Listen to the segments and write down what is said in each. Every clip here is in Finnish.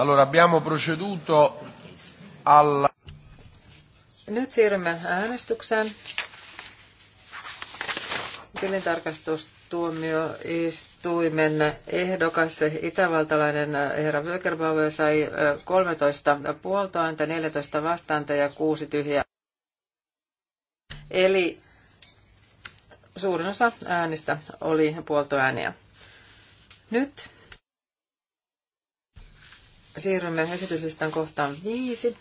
Allora abbiamo proceduto alla... Nyt siirrymme äänestykseen. Tilintarkastustuomioistuimen ehdokas itävaltalainen herra Wögerbauer sai 13 puoltoääntä, 14 vastaanta ja 6 tyhjää. Eli suurin osa äänistä oli puoltoääniä. Nyt siirrymme esityslistan kohtaan viisi.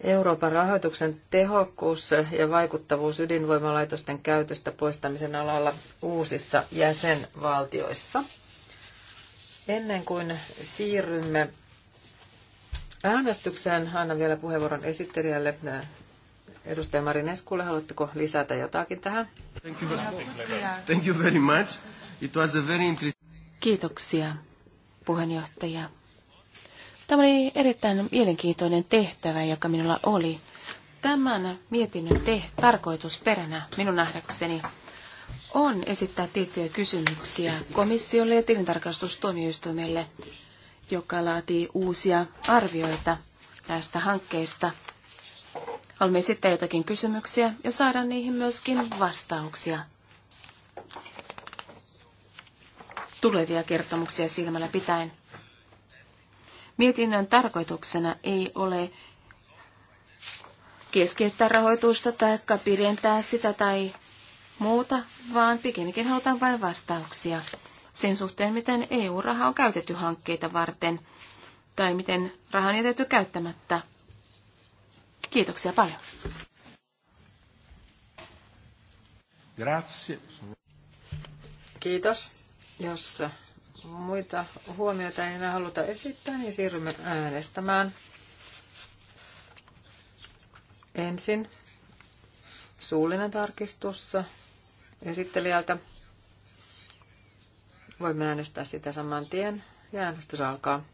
Euroopan rahoituksen tehokkuus ja vaikuttavuus ydinvoimalaitosten käytöstä poistamisen alalla uusissa jäsenvaltioissa. Ennen kuin siirrymme äänestykseen, annan vielä puheenvuoron esittelijälle äh, Edustaja Marineskulle, haluatteko lisätä jotakin tähän? Thank you, very much. It was a very interesting... Kiitoksia puheenjohtaja. Tämä oli erittäin mielenkiintoinen tehtävä, joka minulla oli. Tämän mietinnön te- tarkoitusperänä minun nähdäkseni on esittää tiettyjä kysymyksiä komissiolle ja tilintarkastustuomioistuimelle, joka laatii uusia arvioita näistä hankkeista. Haluamme esittää jotakin kysymyksiä ja saada niihin myöskin vastauksia. tulevia kertomuksia silmällä pitäen. Mietinnön tarkoituksena ei ole keskeyttää rahoitusta tai pidentää sitä tai muuta, vaan pikemminkin halutaan vain vastauksia sen suhteen, miten EU-raha on käytetty hankkeita varten tai miten raha on jätetty käyttämättä. Kiitoksia paljon. Grazie. Kiitos. Jos muita huomioita ei enää haluta esittää, niin siirrymme äänestämään. Ensin suullinen tarkistus esittelijältä. Voimme äänestää sitä saman tien ja äänestys alkaa.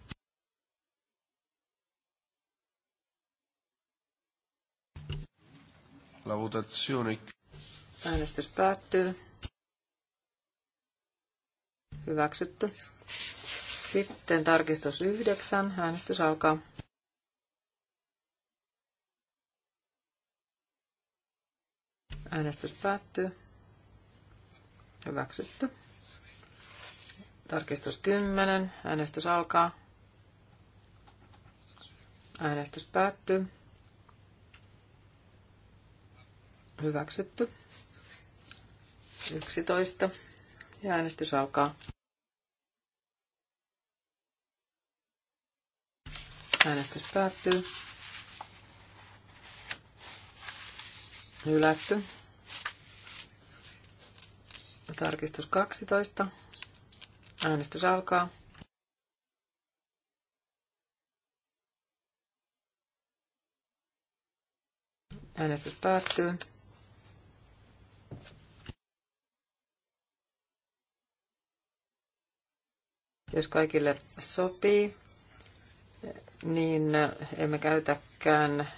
La votazione. Äänestys päättyy. Hyväksytty. Sitten tarkistus 9. Äänestys alkaa. Äänestys päättyy. Hyväksytty. Tarkistus 10. Äänestys alkaa. Äänestys päättyy. Hyväksytty. 11. Ja äänestys alkaa. Äänestys päättyy. Hylätty. Tarkistus 12. Äänestys alkaa. Äänestys päättyy. Jos kaikille sopii, niin emme käytäkään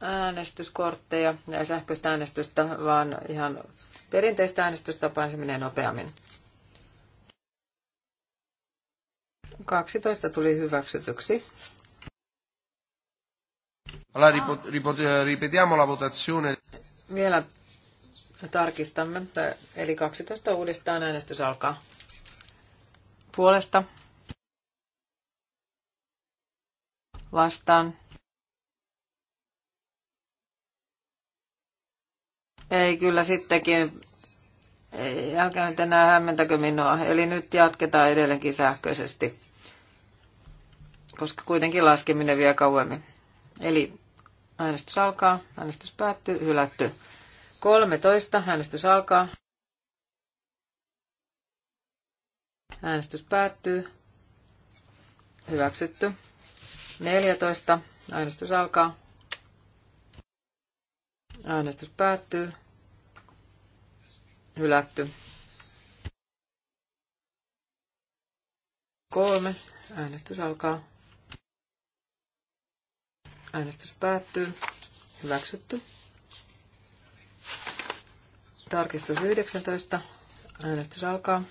äänestyskortteja ja sähköistä äänestystä, vaan ihan perinteistä äänestystapaa, niin se menee nopeammin. 12 tuli hyväksytyksi. Allora ripetiamo la votazione. Vielä tarkistamme, eli 12 uudestaan äänestys alkaa puolesta vastaan. Ei kyllä sittenkin, ei, älkää nyt enää hämmentäkö minua. Eli nyt jatketaan edelleenkin sähköisesti, koska kuitenkin laskeminen vie kauemmin. Eli äänestys alkaa, äänestys päättyy, hylätty. 13, äänestys alkaa. Äänestys päättyy. Hyväksytty. 14. Äänestys alkaa. Äänestys päättyy. Hylätty. Kolme. Äänestys alkaa. Äänestys päättyy. Hyväksytty. Tarkistus 19. Äänestys alkaa.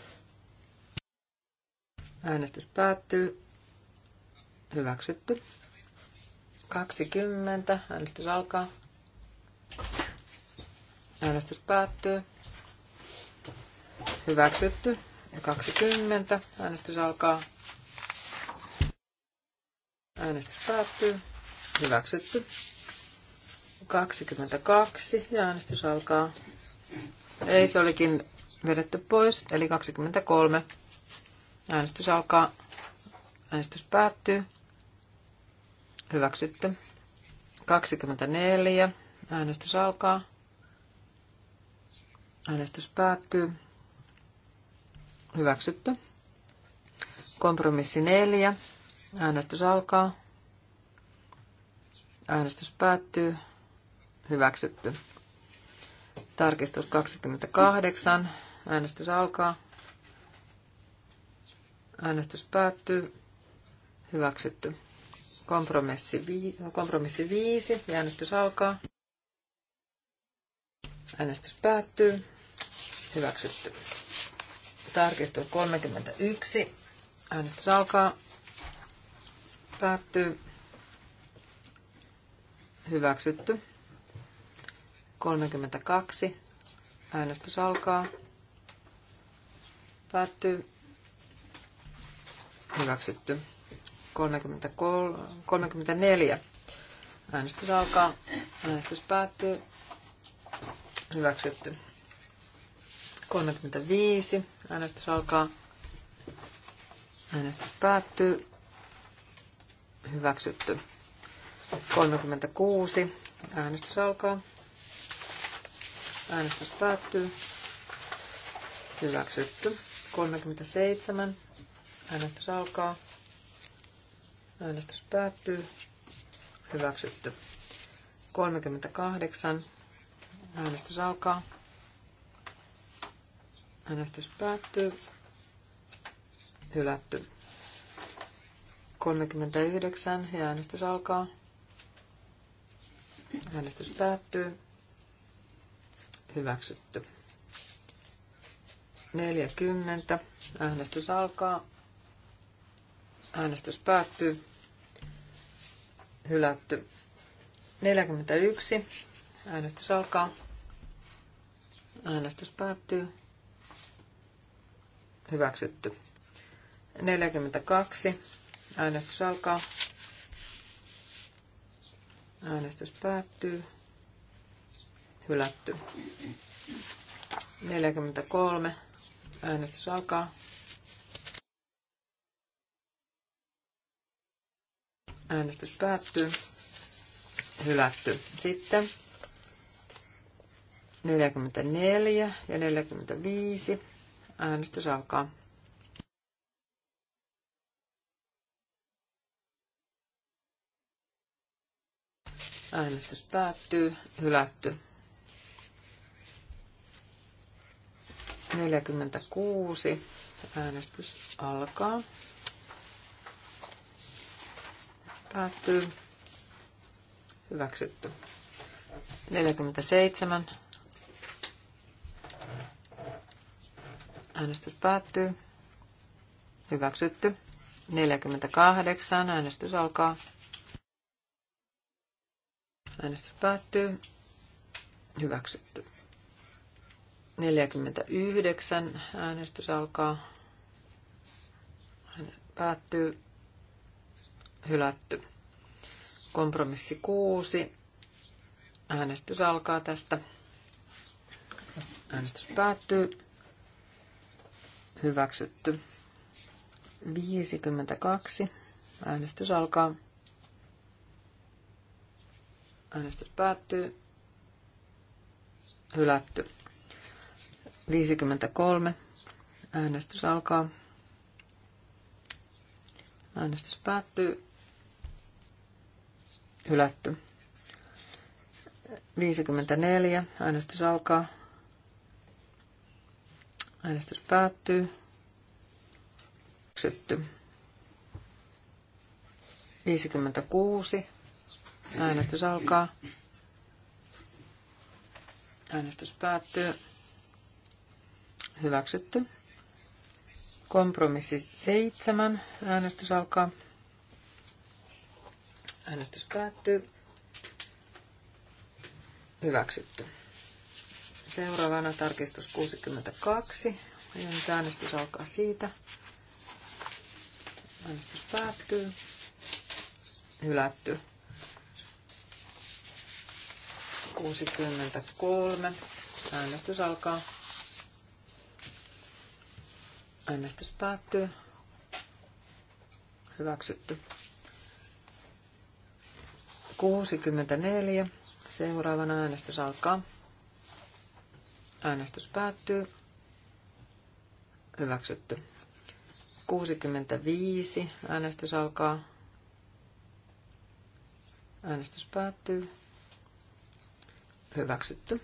Äänestys päättyy. Hyväksytty. 20. Äänestys alkaa. Äänestys päättyy. Hyväksytty. Ja 20. Äänestys alkaa. Äänestys päättyy. Hyväksytty. 22. Ja äänestys alkaa. Ei, se olikin vedetty pois, eli 23. Äänestys alkaa. Äänestys päättyy. Hyväksytty. 24. Äänestys alkaa. Äänestys päättyy. Hyväksytty. Kompromissi 4. Äänestys alkaa. Äänestys päättyy. Hyväksytty. Tarkistus 28. Äänestys alkaa. Äänestys päättyy. Hyväksytty. Kompromissi, vi, kompromissi 5. Äänestys alkaa. Äänestys päättyy. Hyväksytty. Tarkistus 31. Äänestys alkaa. Päättyy. Hyväksytty. 32. Äänestys alkaa. Päättyy hyväksytty. 33, 34. Äänestys alkaa. Äänestys päättyy. Hyväksytty. 35. Äänestys alkaa. Äänestys päättyy. Hyväksytty. 36. Äänestys alkaa. Äänestys päättyy. Hyväksytty. 37. Äänestys alkaa. Äänestys päättyy. Hyväksytty. 38. Äänestys alkaa. Äänestys päättyy. Hylätty. 39 ja äänestys alkaa. Äänestys päättyy. Hyväksytty. 40. Äänestys alkaa. Äänestys päättyy. Hylätty. 41. Äänestys alkaa. Äänestys päättyy. Hyväksytty. 42. Äänestys alkaa. Äänestys päättyy. Hylätty. 43. Äänestys alkaa. Äänestys päättyy. Hylätty. Sitten 44 ja 45. Äänestys alkaa. Äänestys päättyy. Hylätty. 46. Äänestys alkaa. Päättyy. Hyväksytty. 47. Äänestys päättyy. Hyväksytty. 48. Äänestys alkaa. Äänestys päättyy. Hyväksytty. 49. Äänestys alkaa. Äänestys päättyy hylätty. Kompromissi 6. Äänestys alkaa tästä. Äänestys päättyy. Hyväksytty. 52. Äänestys alkaa. Äänestys päättyy. Hylätty. 53. Äänestys alkaa. Äänestys päättyy. Hylätty. 54. Äänestys alkaa. Äänestys päättyy. Hyväksytty. 56. Äänestys alkaa. Äänestys päättyy. Hyväksytty. Kompromissi 7. Äänestys alkaa. Äänestys päättyy. Hyväksytty. Seuraavana tarkistus 62. Ja nyt äänestys alkaa siitä. Äänestys päättyy. Hylätty. 63. Äänestys alkaa. Äänestys päättyy. Hyväksytty. 64. Seuraavana äänestys alkaa. Äänestys päättyy. Hyväksytty. 65. Äänestys alkaa. Äänestys päättyy. Hyväksytty.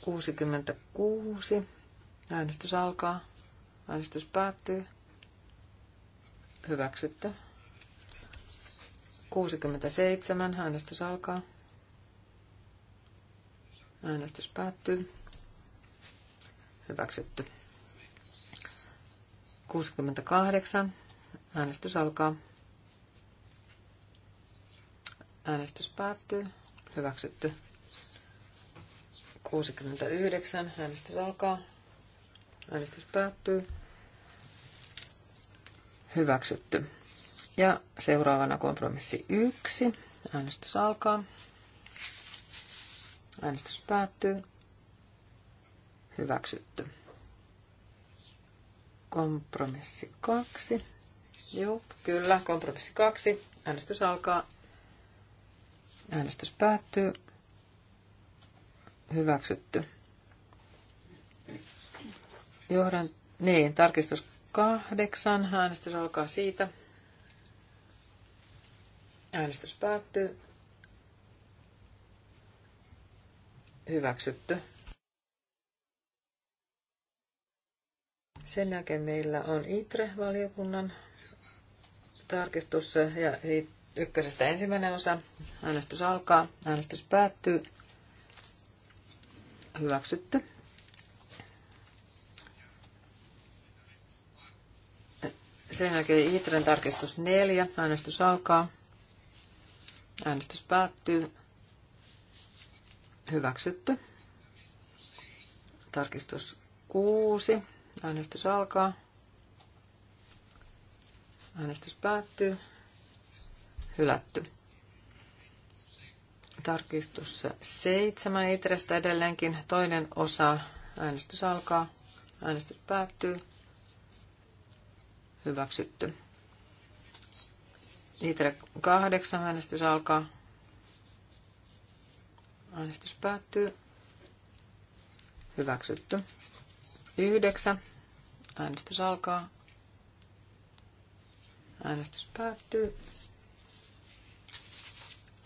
66. Äänestys alkaa. Äänestys päättyy. Hyväksytty. 67. Äänestys alkaa. Äänestys päättyy. Hyväksytty. 68. Äänestys alkaa. Äänestys päättyy. Hyväksytty. 69. Äänestys alkaa. Äänestys päättyy. Hyväksytty. Ja seuraavana kompromissi 1. Äänestys alkaa. Äänestys päättyy. Hyväksytty. Kompromissi 2. Joo, kyllä, kompromissi 2. Äänestys alkaa. Äänestys päättyy. Hyväksytty. Johdan, niin, tarkistus kahdeksan. Äänestys alkaa siitä. Äänestys päättyy. Hyväksytty. Sen jälkeen meillä on ITRE-valiokunnan tarkistus ja ykkösestä ensimmäinen osa. Äänestys alkaa, äänestys päättyy. Hyväksytty. Sen jälkeen ITREn tarkistus 4. Äänestys alkaa. Äänestys päättyy. Hyväksytty. Tarkistus 6. Äänestys alkaa. Äänestys päättyy. Hylätty. Tarkistus 7. Itrestä edelleenkin toinen osa. Äänestys alkaa. Äänestys päättyy. Hyväksytty. Itre kahdeksan äänestys alkaa. Äänestys päättyy. Hyväksytty. Yhdeksän. Äänestys alkaa. Äänestys päättyy.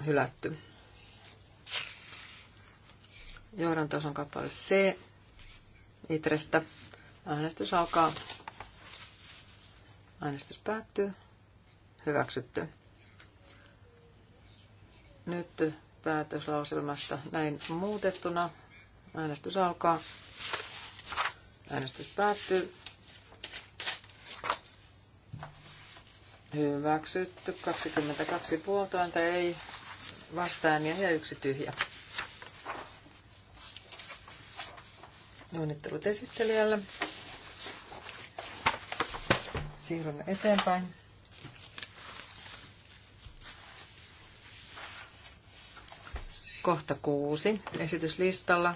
Hylätty. tason kappale C. Itrestä. Äänestys alkaa. Äänestys päättyy. Hyväksytty. Nyt päätöslauselmasta näin muutettuna. Äänestys alkaa. Äänestys päättyy. Hyväksytty. 22 puoltointa ei vastaan ja yksi tyhjä. Onnittelut esittelijälle. Siirrymme eteenpäin. kohta kuusi esityslistalla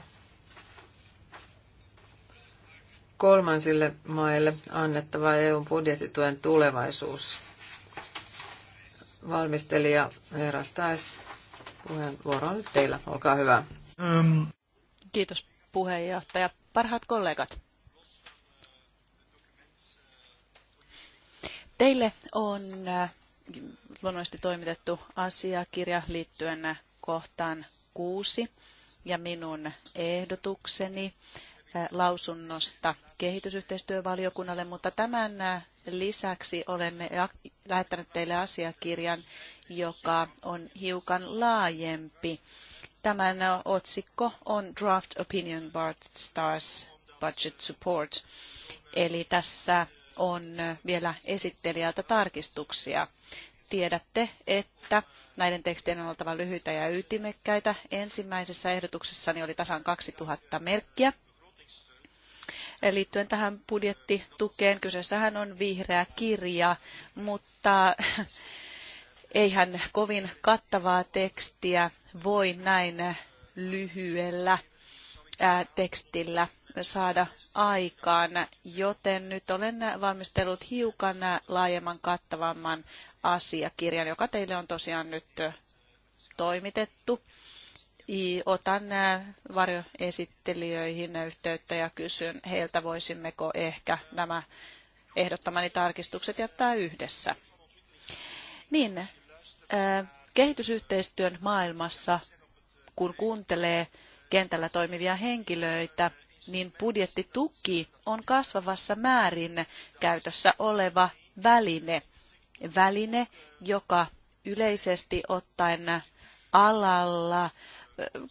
kolmansille maille annettava EUn budjettituen tulevaisuus. Valmistelija Veera Stais, puheenvuoro on nyt teillä. Olkaa hyvä. Ähm. Kiitos puheenjohtaja. Parhaat kollegat. Teille on äh, luonnollisesti toimitettu asiakirja liittyen kohtaan kuusi ja minun ehdotukseni äh, lausunnosta kehitysyhteistyövaliokunnalle, mutta tämän äh, lisäksi olen lähettänyt teille asiakirjan, joka on hiukan laajempi. Tämän äh, otsikko on Draft Opinion Bart Stars Budget Support. Eli tässä on vielä esittelijältä tarkistuksia tiedätte, että näiden tekstien on oltava lyhyitä ja ytimekkäitä. Ensimmäisessä ehdotuksessani oli tasan 2000 merkkiä. Liittyen tähän budjettitukeen, kyseessähän on vihreä kirja, mutta eihän kovin kattavaa tekstiä voi näin lyhyellä tekstillä saada aikaan, joten nyt olen valmistellut hiukan laajemman kattavamman asiakirjan, joka teille on tosiaan nyt toimitettu. Otan varjoesittelijöihin yhteyttä ja kysyn heiltä, voisimmeko ehkä nämä ehdottamani tarkistukset jättää yhdessä. Niin, kehitysyhteistyön maailmassa, kun kuuntelee kentällä toimivia henkilöitä, niin budjettituki on kasvavassa määrin käytössä oleva väline väline, joka yleisesti ottaen alalla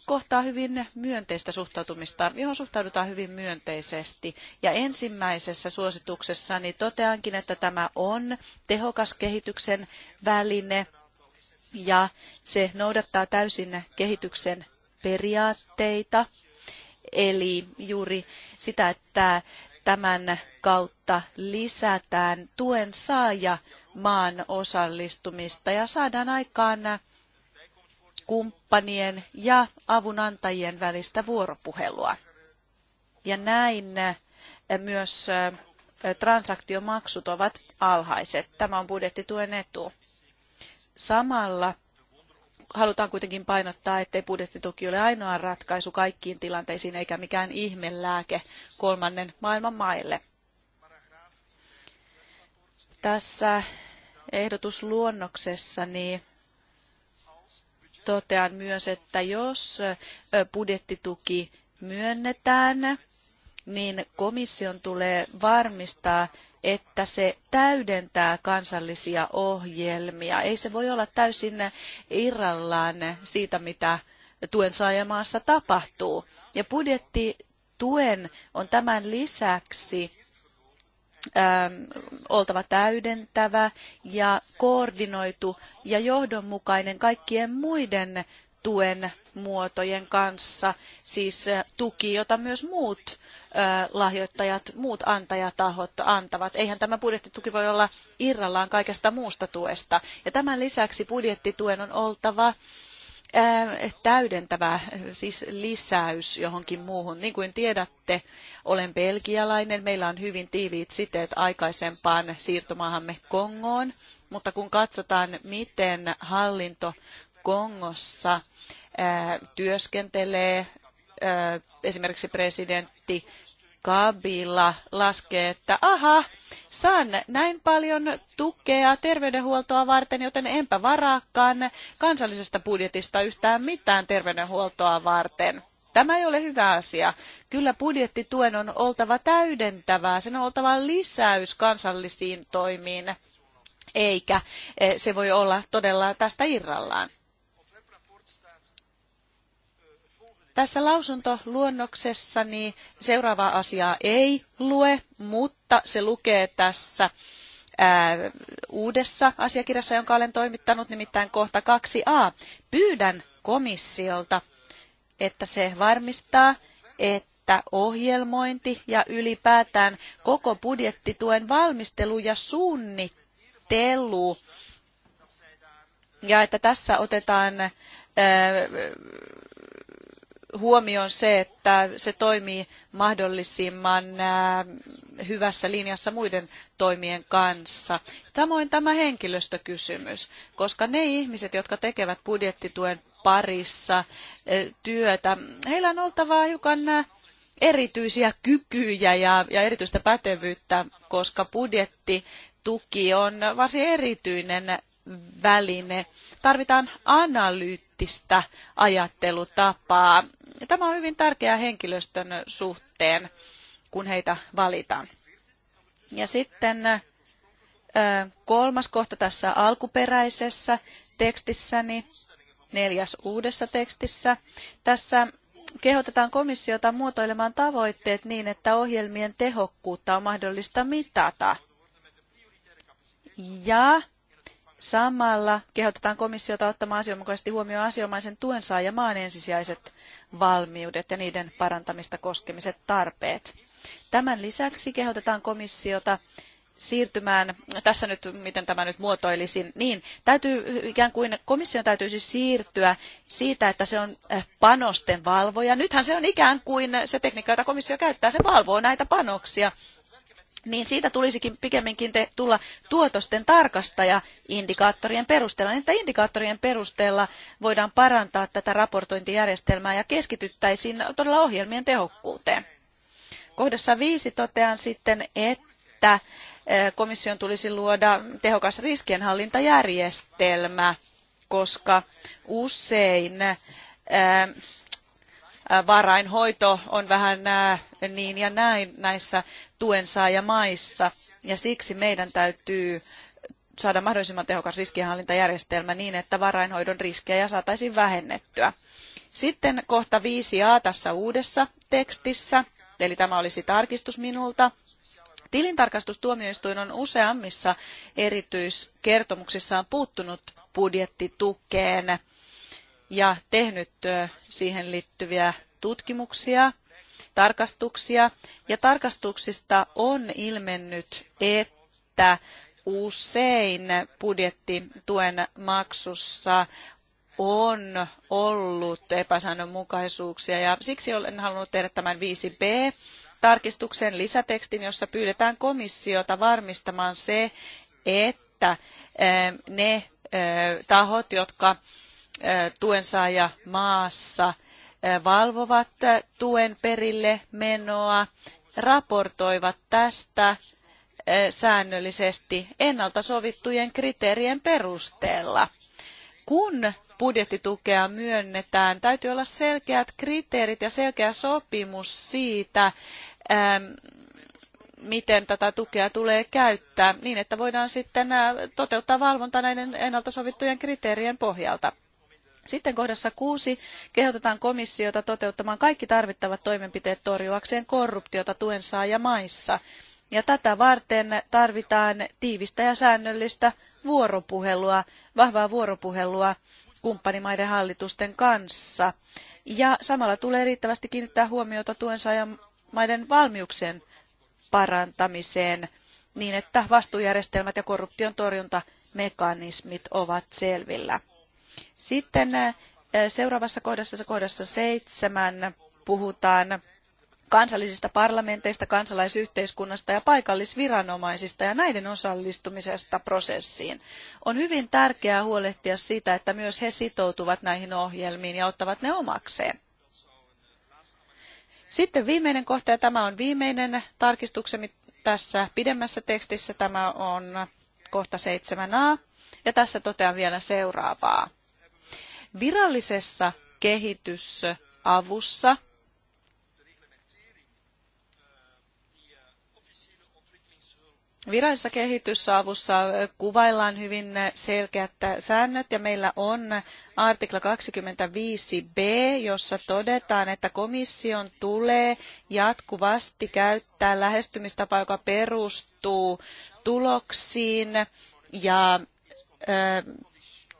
kohtaa hyvin myönteistä suhtautumista, johon suhtaudutaan hyvin myönteisesti. Ja ensimmäisessä suosituksessani toteankin, että tämä on tehokas kehityksen väline ja se noudattaa täysin kehityksen periaatteita, eli juuri sitä, että tämän kautta lisätään tuen saaja maan osallistumista ja saadaan aikaan kumppanien ja avunantajien välistä vuoropuhelua. Ja näin myös transaktiomaksut ovat alhaiset. Tämä on budjettituen etu. Samalla halutaan kuitenkin painottaa, ettei budjettituki ole ainoa ratkaisu kaikkiin tilanteisiin eikä mikään ihmelääke kolmannen maailman maille. Tässä ehdotusluonnoksessani niin totean myös, että jos budjettituki myönnetään, niin komission tulee varmistaa, että se täydentää kansallisia ohjelmia. Ei se voi olla täysin irrallaan siitä, mitä tuen saajamaassa tapahtuu. Ja budjettituen on tämän lisäksi Ähm, oltava täydentävä ja koordinoitu ja johdonmukainen kaikkien muiden tuen muotojen kanssa, siis äh, tuki, jota myös muut äh, lahjoittajat, muut antajatahot antavat. Eihän tämä budjettituki voi olla irrallaan kaikesta muusta tuesta. Ja tämän lisäksi budjettituen on oltava täydentävä, siis lisäys johonkin muuhun. Niin kuin tiedätte, olen belgialainen, meillä on hyvin tiiviit siteet aikaisempaan siirtomaahamme Kongoon, mutta kun katsotaan, miten hallinto Kongossa työskentelee, esimerkiksi presidentti Kabila laskee, että aha, saan näin paljon tukea terveydenhuoltoa varten, joten enpä varaakaan kansallisesta budjetista yhtään mitään terveydenhuoltoa varten. Tämä ei ole hyvä asia. Kyllä budjettituen on oltava täydentävää, sen on oltava lisäys kansallisiin toimiin, eikä eh, se voi olla todella tästä irrallaan. Tässä niin seuraavaa asiaa ei lue, mutta se lukee tässä ää, äh, uudessa asiakirjassa, jonka olen toimittanut, nimittäin kohta 2a. Pyydän komissiolta, että se varmistaa, että ohjelmointi ja ylipäätään koko budjettituen valmistelu ja suunnittelu ja että tässä otetaan äh, huomioon se, että se toimii mahdollisimman hyvässä linjassa muiden toimien kanssa. Samoin tämä henkilöstökysymys, koska ne ihmiset, jotka tekevät budjettituen parissa työtä, heillä on oltava hiukan erityisiä kykyjä ja, ja erityistä pätevyyttä, koska budjettituki on varsin erityinen väline tarvitaan analyyttistä ajattelutapaa. Tämä on hyvin tärkeää henkilöstön suhteen, kun heitä valitaan. Ja sitten kolmas kohta tässä alkuperäisessä tekstissäni, neljäs uudessa tekstissä. Tässä kehotetaan komissiota muotoilemaan tavoitteet niin, että ohjelmien tehokkuutta on mahdollista mitata. Ja Samalla kehotetaan komissiota ottamaan asianmukaisesti huomioon asianomaisen tuen saajamaan ensisijaiset valmiudet ja niiden parantamista koskemiset tarpeet. Tämän lisäksi kehotetaan komissiota siirtymään, tässä nyt, miten tämä nyt muotoilisin, niin täytyy ikään kuin komission täytyisi siirtyä siitä, että se on eh, panosten valvoja. Nythän se on ikään kuin se tekniikka, jota komissio käyttää, se valvoo näitä panoksia niin siitä tulisikin pikemminkin te, tulla tuotosten tarkastaja indikaattorien perusteella. Niin, että indikaattorien perusteella voidaan parantaa tätä raportointijärjestelmää ja keskityttäisiin todella ohjelmien tehokkuuteen. Kohdassa viisi totean sitten, että eh, komission tulisi luoda tehokas riskienhallintajärjestelmä, koska usein eh, varainhoito on vähän eh, niin ja näin näissä tuensaajamaissa, ja siksi meidän täytyy saada mahdollisimman tehokas riskienhallintajärjestelmä niin, että varainhoidon riskejä saataisiin vähennettyä. Sitten kohta 5a tässä uudessa tekstissä, eli tämä olisi tarkistus minulta. Tilintarkastustuomioistuin on useammissa erityiskertomuksissaan puuttunut budjettitukeen ja tehnyt siihen liittyviä tutkimuksia tarkastuksia. Ja tarkastuksista on ilmennyt, että usein budjettituen maksussa on ollut epäsäännönmukaisuuksia ja siksi olen halunnut tehdä tämän 5b tarkistuksen lisätekstin, jossa pyydetään komissiota varmistamaan se, että eh, ne eh, tahot, jotka eh, tuensaaja maassa valvovat tuen perille menoa, raportoivat tästä säännöllisesti ennalta sovittujen kriteerien perusteella. Kun budjettitukea myönnetään, täytyy olla selkeät kriteerit ja selkeä sopimus siitä, miten tätä tukea tulee käyttää niin, että voidaan sitten toteuttaa valvonta näiden ennalta sovittujen kriteerien pohjalta. Sitten kohdassa kuusi kehotetaan komissiota toteuttamaan kaikki tarvittavat toimenpiteet torjuakseen korruptiota tuensaajamaissa. Ja tätä varten tarvitaan tiivistä ja säännöllistä vuoropuhelua, vahvaa vuoropuhelua kumppanimaiden hallitusten kanssa. Ja samalla tulee riittävästi kiinnittää huomiota tuensaajamaiden valmiuksien parantamiseen niin, että vastuujärjestelmät ja korruption torjuntamekanismit ovat selvillä. Sitten äh, seuraavassa kohdassa, kohdassa seitsemän, puhutaan kansallisista parlamenteista, kansalaisyhteiskunnasta ja paikallisviranomaisista ja näiden osallistumisesta prosessiin. On hyvin tärkeää huolehtia siitä, että myös he sitoutuvat näihin ohjelmiin ja ottavat ne omakseen. Sitten viimeinen kohta, ja tämä on viimeinen tarkistuksemme tässä pidemmässä tekstissä, tämä on kohta 7a, ja tässä totean vielä seuraavaa. Virallisessa kehitysavussa Virallisessa kehitysavussa kuvaillaan hyvin selkeät säännöt ja meillä on artikla 25b, jossa todetaan, että komission tulee jatkuvasti käyttää lähestymistapa, joka perustuu tuloksiin ja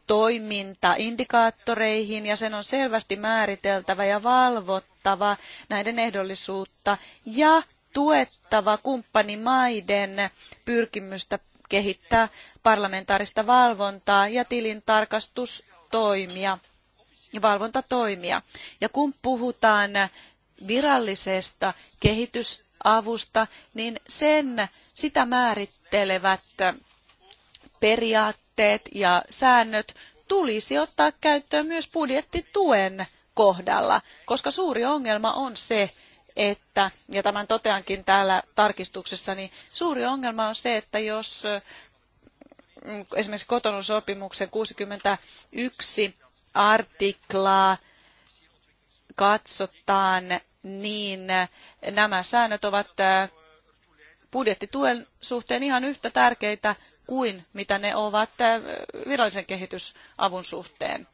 toimintaindikaattoreihin indikaattoreihin ja sen on selvästi määriteltävä ja valvottava näiden ehdollisuutta ja tuettava kumppanimaiden pyrkimystä kehittää parlamentaarista valvontaa ja tilintarkastustoimia ja valvontatoimia. Ja kun puhutaan virallisesta kehitysavusta, niin sen, sitä määrittelevät periaatteet puitteet ja säännöt tulisi ottaa käyttöön myös budjettituen kohdalla, koska suuri ongelma on se, että, ja tämän toteankin täällä tarkistuksessa, niin suuri ongelma on se, että jos mm, esimerkiksi kotonun sopimuksen 61 artiklaa katsotaan, niin nämä säännöt ovat äh, budjettituen suhteen ihan yhtä tärkeitä kuin mitä ne ovat äh, virallisen kehitysavun suhteen.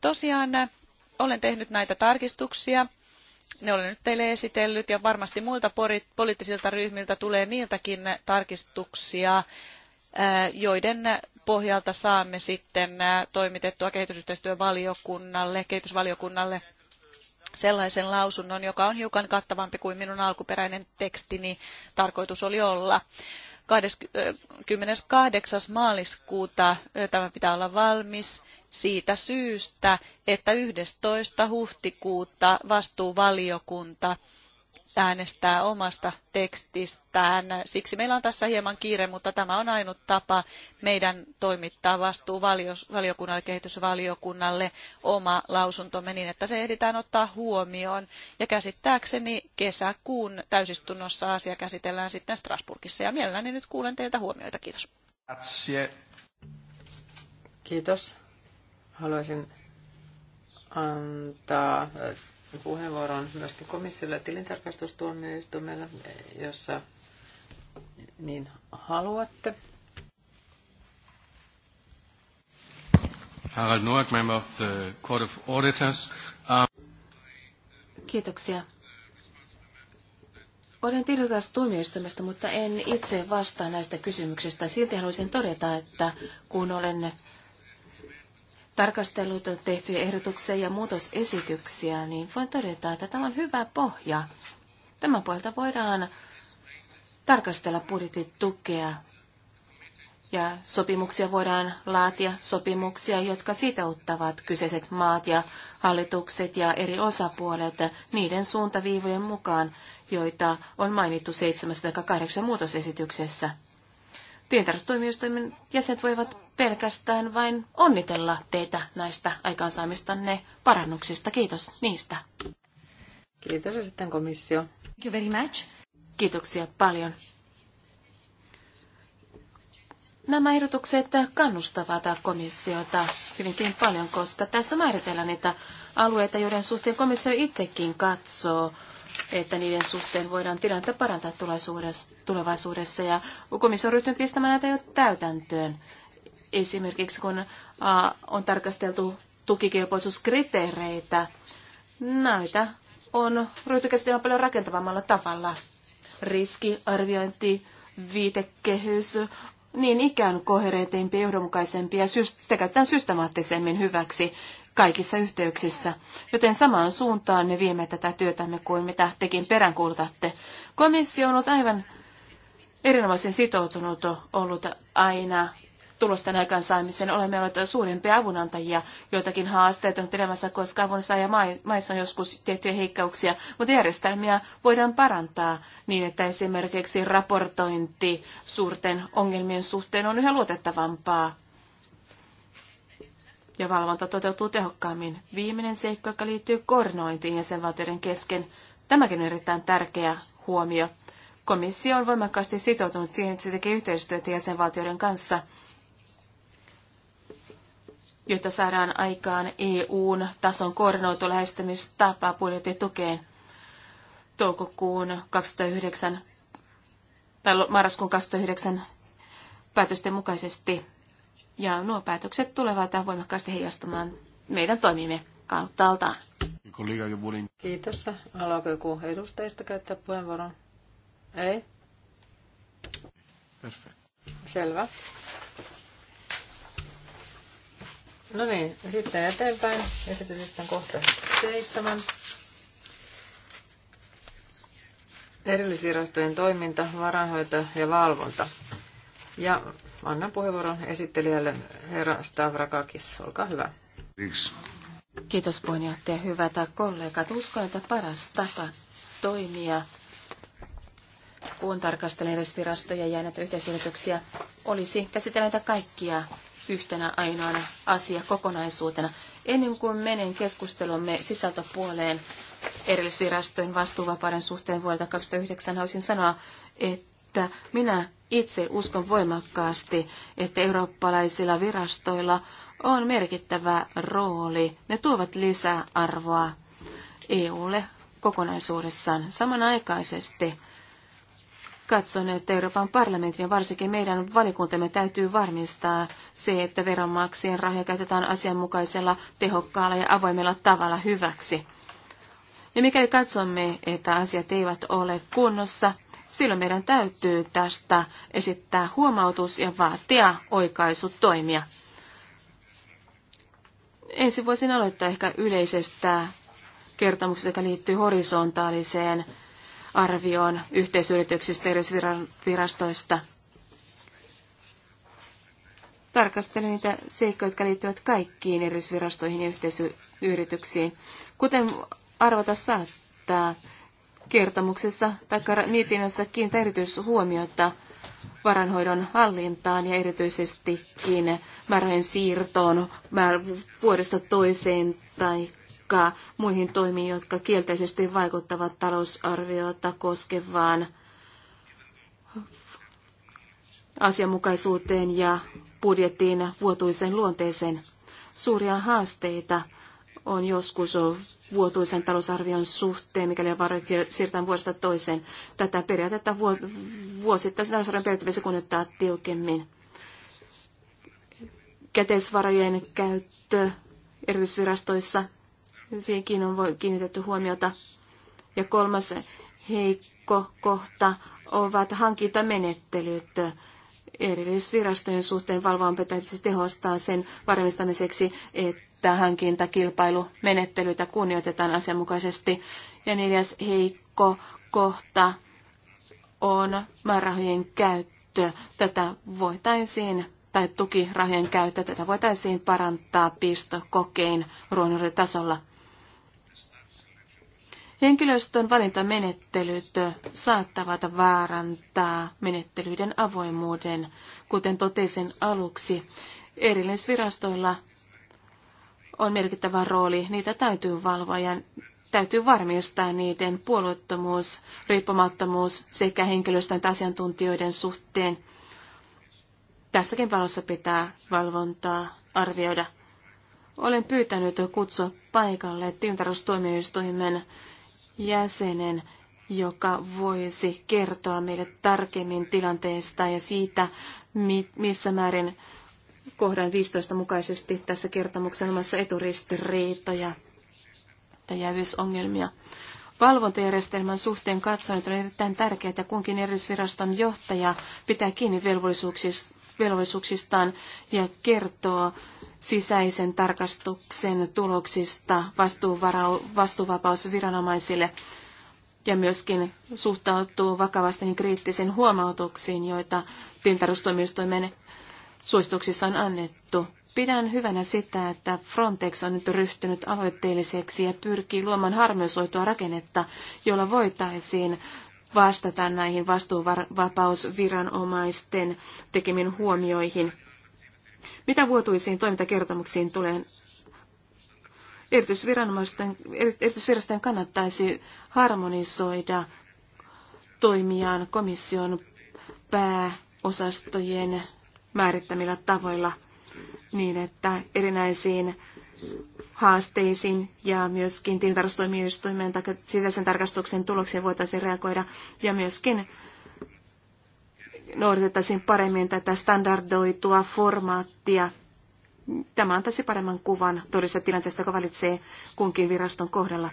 Tosiaan äh, olen tehnyt näitä tarkistuksia. Ne olen nyt teille esitellyt ja varmasti muilta poliittisilta ryhmiltä tulee niiltäkin tarkistuksia, äh, joiden pohjalta saamme sitten toimitettua kehitysyhteistyövaliokunnalle, kehitysvaliokunnalle sellaisen lausunnon, joka on hiukan kattavampi kuin minun alkuperäinen tekstini tarkoitus oli olla. 28. maaliskuuta tämä pitää olla valmis siitä syystä, että 11. huhtikuuta vastuuvaliokunta äänestää omasta tekstistään. Siksi meillä on tässä hieman kiire, mutta tämä on ainut tapa meidän toimittaa vastuu valiokunnalle, kehitysvaliokunnalle oma lausuntomme niin, että se ehditään ottaa huomioon. Ja käsittääkseni kesäkuun täysistunnossa asia käsitellään sitten Strasbourgissa. Ja mielelläni nyt kuulen teiltä huomioita. Kiitos. Kiitos. Haluaisin antaa puheenvuoron myöskin komissiolle tilintarkastustuomioistuimelle, jossa niin haluatte. Harald Noack, member of the Court of Auditors. Um... Kiitoksia. Olen tilintarkastustuomioistuimesta, mutta en itse vastaa näistä kysymyksistä. Silti haluaisin todeta, että kun olen tarkastellut tehtyjä ehdotuksia ja muutosesityksiä, niin voin todeta, että tämä on hyvä pohja. Tämän puolta voidaan tarkastella budjettitukea ja sopimuksia voidaan laatia, sopimuksia, jotka sitouttavat kyseiset maat ja hallitukset ja eri osapuolet niiden suuntaviivojen mukaan, joita on mainittu 78 muutosesityksessä. Tientarkastustoimijoistoimen jäsenet voivat pelkästään vain onnitella teitä näistä aikaansaamistanne parannuksista. Kiitos niistä. Kiitos ja sitten komissio. Thank you very much. Kiitoksia paljon. Nämä ehdotukset kannustavat komissiota hyvinkin paljon, koska tässä määritellään niitä alueita, joiden suhteen komissio itsekin katsoo että niiden suhteen voidaan tilannetta parantaa tulevaisuudessa. Ja komissio on ryhtynyt pistämään näitä jo täytäntöön. Esimerkiksi kun on tarkasteltu tukikelpoisuuskriteereitä, näitä on ryhty käsittelemään paljon rakentavammalla tavalla. Riskiarviointi, viitekehys, niin ikään kohereetempi, johdonmukaisempi ja sitä käytetään systemaattisemmin hyväksi kaikissa yhteyksissä, joten samaan suuntaan me viemme tätä työtämme kuin mitä tekin peräänkuulutatte. Komissio on ollut aivan erinomaisen sitoutunut ollut aina tulosten aikaansaamiseen. Olemme olleet suurimpia avunantajia. Joitakin haasteita on elämässä, koska avunsaaja maissa on joskus tiettyjä heikkauksia, mutta järjestelmiä voidaan parantaa niin, että esimerkiksi raportointi suurten ongelmien suhteen on yhä luotettavampaa ja valvonta toteutuu tehokkaammin. Viimeinen seikka, joka liittyy koordinointiin jäsenvaltioiden kesken, tämäkin on erittäin tärkeä huomio. Komissio on voimakkaasti sitoutunut siihen, että se tekee yhteistyötä jäsenvaltioiden kanssa, jotta saadaan aikaan EUn tason koordinoitu lähestymistapa budjettitukeen toukokuun 2009 tai marraskuun 2009 päätösten mukaisesti ja nuo päätökset tulevat voimakkaasti heijastumaan meidän toimimme kauttaaltaan. Kiitos. Haluaako joku edustajista käyttää puheenvuoron? Ei? Perfect. Selvä. No niin, sitten eteenpäin. Esityslistan kohta seitsemän. Erillisvirastojen toiminta, varainhoito ja valvonta. Ja Annan puheenvuoron esittelijälle herra Stavrakakis. Olkaa hyvä. Kiitos. Kiitos puheenjohtaja. Hyvät kollegat. Uskon, että paras tapa toimia, kun tarkastelen edes virastoja ja näitä yhteisyrityksiä, olisi käsitellä näitä kaikkia yhtenä ainoana asia asiakokonaisuutena. Ennen kuin menen keskustelumme sisältöpuoleen erillisvirastojen vastuuvapauden suhteen vuodelta 2009, haluaisin sanoa, että minä itse uskon voimakkaasti, että eurooppalaisilla virastoilla on merkittävä rooli. Ne tuovat lisää arvoa EUlle kokonaisuudessaan. Samanaikaisesti katson, että Euroopan parlamentin ja varsinkin meidän valikuntamme täytyy varmistaa se, että veronmaksajien rahoja käytetään asianmukaisella, tehokkaalla ja avoimella tavalla hyväksi. Ja mikäli katsomme, että asiat eivät ole kunnossa, silloin meidän täytyy tästä esittää huomautus ja vaatia oikaisutoimia. Ensin voisin aloittaa ehkä yleisestä kertomuksesta, joka liittyy horisontaaliseen arvioon yhteisyrityksistä eri virastoista. Tarkastelen niitä seikkoja, jotka liittyvät kaikkiin eri virastoihin ja yhteisyrityksiin. Kuten arvata saattaa, kertomuksessa tai mietinnössä kiinnittää erityishuomiota varanhoidon hallintaan ja erityisestikin määrärahojen siirtoon vuodesta toiseen tai muihin toimiin, jotka kielteisesti vaikuttavat talousarviota koskevaan asianmukaisuuteen ja budjettiin vuotuisen luonteeseen. Suuria haasteita on joskus vuotuisen talousarvion suhteen, mikäli varoja siirtää vuodesta toiseen. Tätä periaatetta vuosittaisen talousarvion periaatteessa kunnioittaa tiukemmin. Käteisvarojen käyttö erityisvirastoissa, siihenkin on kiinnitetty huomiota. Ja kolmas heikko kohta ovat hankintamenettelyt erillisvirastojen suhteen valvoa pitäisi tehostaa sen varmistamiseksi, että että hankintakilpailumenettelyitä kunnioitetaan asianmukaisesti. Ja neljäs heikko kohta on määrärahojen käyttö. Tätä voitaisiin tai tukirahojen käyttö, tätä voitaisiin parantaa pistokokein ruohonjuuritasolla. Henkilöstön valintamenettelyt saattavat vaarantaa menettelyiden avoimuuden. Kuten totesin aluksi, erillisvirastoilla on merkittävä rooli. Niitä täytyy valvoa ja täytyy varmistaa niiden puolueettomuus, riippumattomuus sekä henkilöstön että asiantuntijoiden suhteen. Tässäkin valossa pitää valvontaa arvioida. Olen pyytänyt kutsua paikalle tintarustuomioistuimen jäsenen, joka voisi kertoa meille tarkemmin tilanteesta ja siitä, missä määrin kohdan 15 mukaisesti tässä kertomuksessa eturistiriitoja tai jäävyysongelmia. Valvontajärjestelmän suhteen katsoen on erittäin tärkeää, että kunkin erisviraston johtaja pitää kiinni velvollisuuksistaan ja kertoo sisäisen tarkastuksen tuloksista vastuuvapausviranomaisille ja myöskin suhtautuu vakavasti niin kriittisiin huomautuksiin, joita tintarustoimistoimen suosituksissa on annettu. Pidän hyvänä sitä, että Frontex on nyt ryhtynyt aloitteelliseksi ja pyrkii luomaan harmonisoitua rakennetta, jolla voitaisiin vastata näihin vastuuvapausviranomaisten tekemin huomioihin. Mitä vuotuisiin toimintakertomuksiin tulee? Erityisviranomaisten, erityisvirastojen kannattaisi harmonisoida toimiaan komission pääosastojen määrittämillä tavoilla niin, että erinäisiin haasteisiin ja myöskin tilintarkastustoimijoistuimen tai sisäisen tarkastuksen tuloksia voitaisiin reagoida ja myöskin noudatettaisiin paremmin tätä standardoitua formaattia. Tämä antaisi paremman kuvan todellisesta tilanteesta, joka valitsee kunkin viraston kohdalla.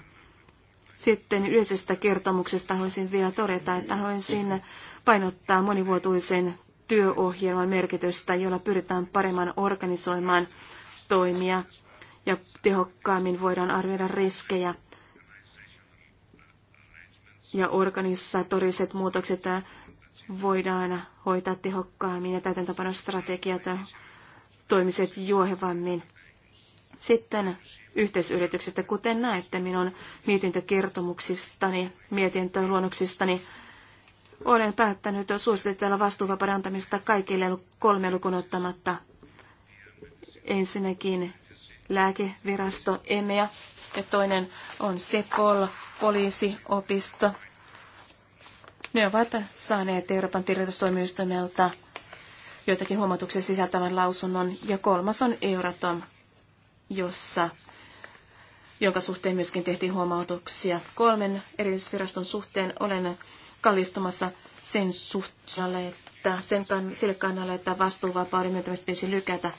Sitten yleisestä kertomuksesta haluaisin vielä todeta, että haluaisin painottaa monivuotuisen työohjelman merkitystä, jolla pyritään paremmin organisoimaan toimia ja tehokkaammin voidaan arvioida riskejä. Ja organisatoriset muutokset voidaan hoitaa tehokkaammin ja täytäntöpanostrategiat toimiset juohevammin. Sitten yhteisyrityksestä, kuten näette minun mietintökertomuksistani, mietintöluonnoksistani, olen päättänyt suositella vastuuvapauden antamista kaikille kolme lukun ottamatta. Ensinnäkin lääkevirasto EMEA ja toinen on SEPOL, poliisiopisto. Ne ovat saaneet Euroopan tiedotustoimistomelta joitakin huomautuksia sisältävän lausunnon ja kolmas on Euratom, jossa jonka suhteen myöskin tehtiin huomautuksia. Kolmen erillisviraston suhteen olen kallistumassa sen suhteen, että sen kann, sille kannalle, että vastuuvapauden myöntämistä pitäisi lykätä.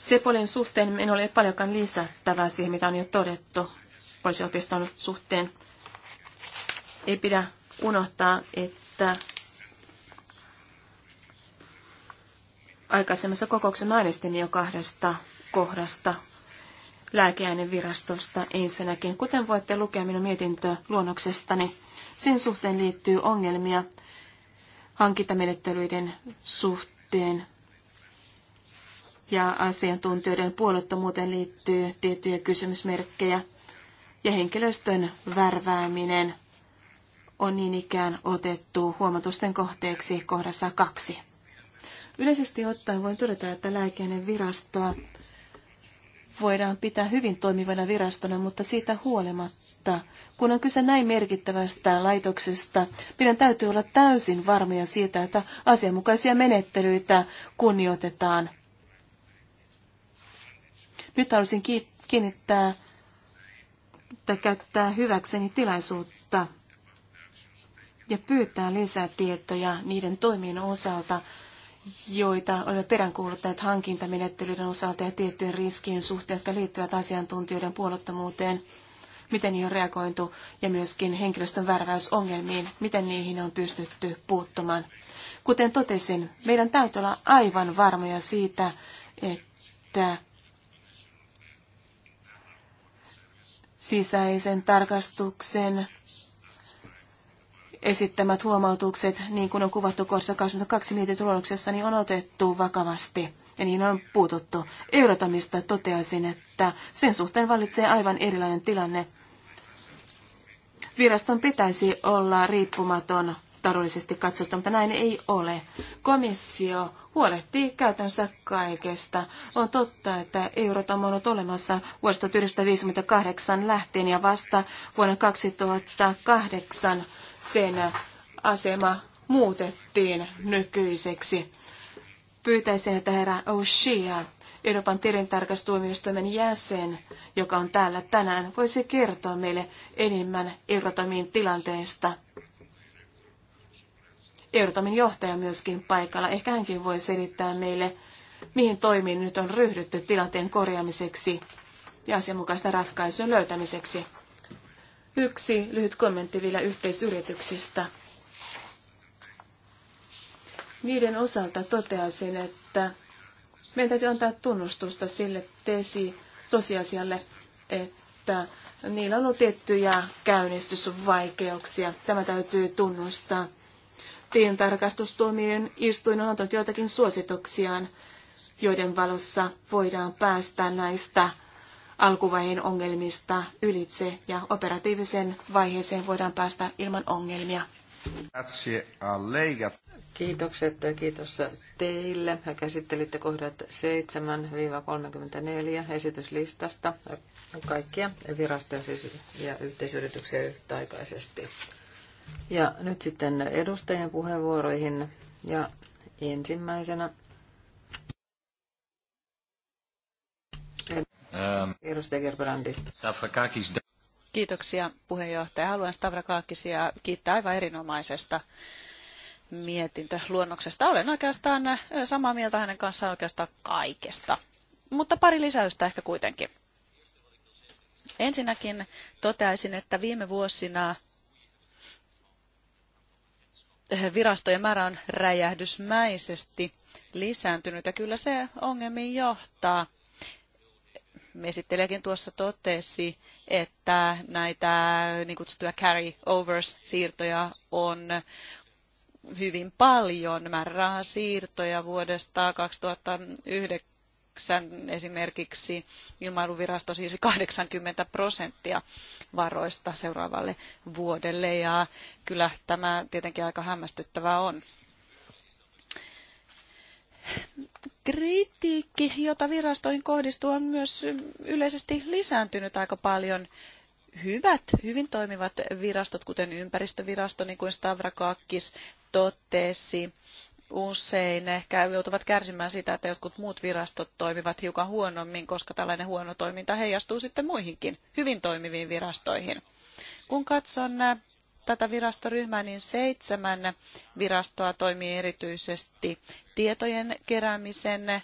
Sepolin suhteen minulla ei ole paljonkaan lisättävää siihen, mitä on jo todettu poliisiopiston suhteen. Ei pidä unohtaa, että aikaisemmassa kokouksessa mainistin jo kahdesta kohdasta lääkeainevirastosta ensinnäkin. Kuten voitte lukea minun luonnoksestani, sen suhteen liittyy ongelmia hankintamenettelyiden suhteen ja asiantuntijoiden puolettomuuteen liittyy tiettyjä kysymysmerkkejä ja henkilöstön värvääminen on niin ikään otettu huomatusten kohteeksi kohdassa kaksi. Yleisesti ottaen voin todeta, että lääkeinen virastoa voidaan pitää hyvin toimivana virastona, mutta siitä huolimatta, kun on kyse näin merkittävästä laitoksesta, meidän täytyy olla täysin varmoja siitä, että asianmukaisia menettelyitä kunnioitetaan. Nyt haluaisin kiinnittää tai käyttää hyväkseni tilaisuutta ja pyytää lisää tietoja niiden toimien osalta, joita olemme peräänkuuluttaneet hankintamenettelyiden osalta ja tiettyjen riskien suhteen, jotka liittyvät asiantuntijoiden puolottomuuteen, miten niihin on reagointu ja myöskin henkilöstön värväysongelmiin, miten niihin on pystytty puuttumaan. Kuten totesin, meidän täytyy olla aivan varmoja siitä, että sisäisen tarkastuksen esittämät huomautukset, niin kuin on kuvattu Korsa 22 mietintöluonnoksessa, niin on otettu vakavasti ja niin on puututtu. Eurotamista toteaisin, että sen suhteen vallitsee aivan erilainen tilanne. Viraston pitäisi olla riippumaton taloudellisesti katsottu, mutta näin ei ole. Komissio huolehtii käytännössä kaikesta. On totta, että Euratom on ollut olemassa vuodesta 1958 lähtien ja vasta vuonna 2008 sen asema muutettiin nykyiseksi. Pyytäisin, että herra Oshia, Euroopan tilintarkastustuomioistuimen jäsen, joka on täällä tänään, voisi kertoa meille enemmän Eurotomin tilanteesta. Eurotomin johtaja myöskin paikalla. Ehkä hänkin voi selittää meille, mihin toimiin nyt on ryhdytty tilanteen korjaamiseksi ja asianmukaisten ratkaisujen löytämiseksi. Yksi lyhyt kommentti vielä yhteisyrityksistä. Niiden osalta toteaisin, että meidän täytyy antaa tunnustusta sille tesi tosiasialle, että niillä on ollut tiettyjä käynnistysvaikeuksia. Tämä täytyy tunnustaa. tarkastustuomien istuin on antanut joitakin suosituksiaan, joiden valossa voidaan päästä näistä alkuvaiheen ongelmista ylitse ja operatiivisen vaiheeseen voidaan päästä ilman ongelmia. Kiitokset ja kiitos teille. Käsittelitte kohdat 7-34 esityslistasta kaikkia virastoja siis ja yhteisyrityksiä yhtäaikaisesti. Ja nyt sitten edustajien puheenvuoroihin ja ensimmäisenä Ähm, Stavrakakis. Kiitoksia puheenjohtaja. Haluan Stavrakakisia kiittää aivan erinomaisesta mietintöluonnoksesta. Olen oikeastaan samaa mieltä hänen kanssaan oikeastaan kaikesta. Mutta pari lisäystä ehkä kuitenkin. Ensinnäkin toteaisin, että viime vuosina virastojen määrä on räjähdysmäisesti lisääntynyt ja kyllä se ongelmiin johtaa esittelijäkin tuossa totesi, että näitä niin kutsuttuja carry-overs-siirtoja on hyvin paljon määrärahan siirtoja vuodesta 2009 esimerkiksi ilmailuvirasto siirsi 80 prosenttia varoista seuraavalle vuodelle ja kyllä tämä tietenkin aika hämmästyttävää on. Kritiikki, jota virastoihin kohdistuu, on myös yleisesti lisääntynyt aika paljon. Hyvät, hyvin toimivat virastot, kuten ympäristövirasto, niin kuin Stavrakakis totesi, usein ehkä joutuvat kärsimään sitä, että jotkut muut virastot toimivat hiukan huonommin, koska tällainen huono toiminta heijastuu sitten muihinkin hyvin toimiviin virastoihin. Kun katson tätä virastoryhmää, niin seitsemän virastoa toimii erityisesti tietojen keräämisen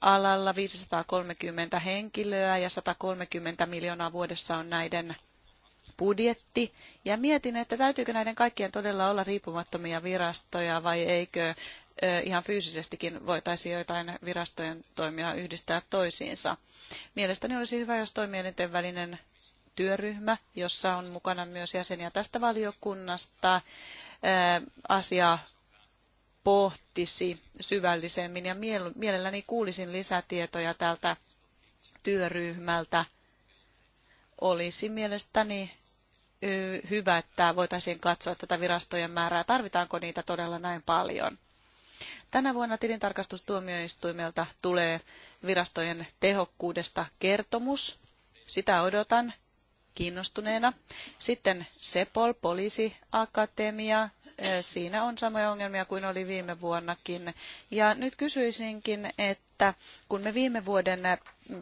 alalla 530 henkilöä ja 130 miljoonaa vuodessa on näiden budjetti. Ja mietin, että täytyykö näiden kaikkien todella olla riippumattomia virastoja vai eikö ihan fyysisestikin voitaisiin joitain virastojen toimia yhdistää toisiinsa. Mielestäni olisi hyvä, jos toimielinten välinen työryhmä, jossa on mukana myös jäseniä tästä valiokunnasta, asiaa pohtisi syvällisemmin ja mielelläni kuulisin lisätietoja tältä työryhmältä. Olisi mielestäni hyvä, että voitaisiin katsoa tätä virastojen määrää. Tarvitaanko niitä todella näin paljon? Tänä vuonna tilintarkastustuomioistuimelta tulee virastojen tehokkuudesta kertomus. Sitä odotan kiinnostuneena. Sitten Sepol, poliisiakatemia, siinä on samoja ongelmia kuin oli viime vuonnakin. Ja nyt kysyisinkin, että kun me viime vuoden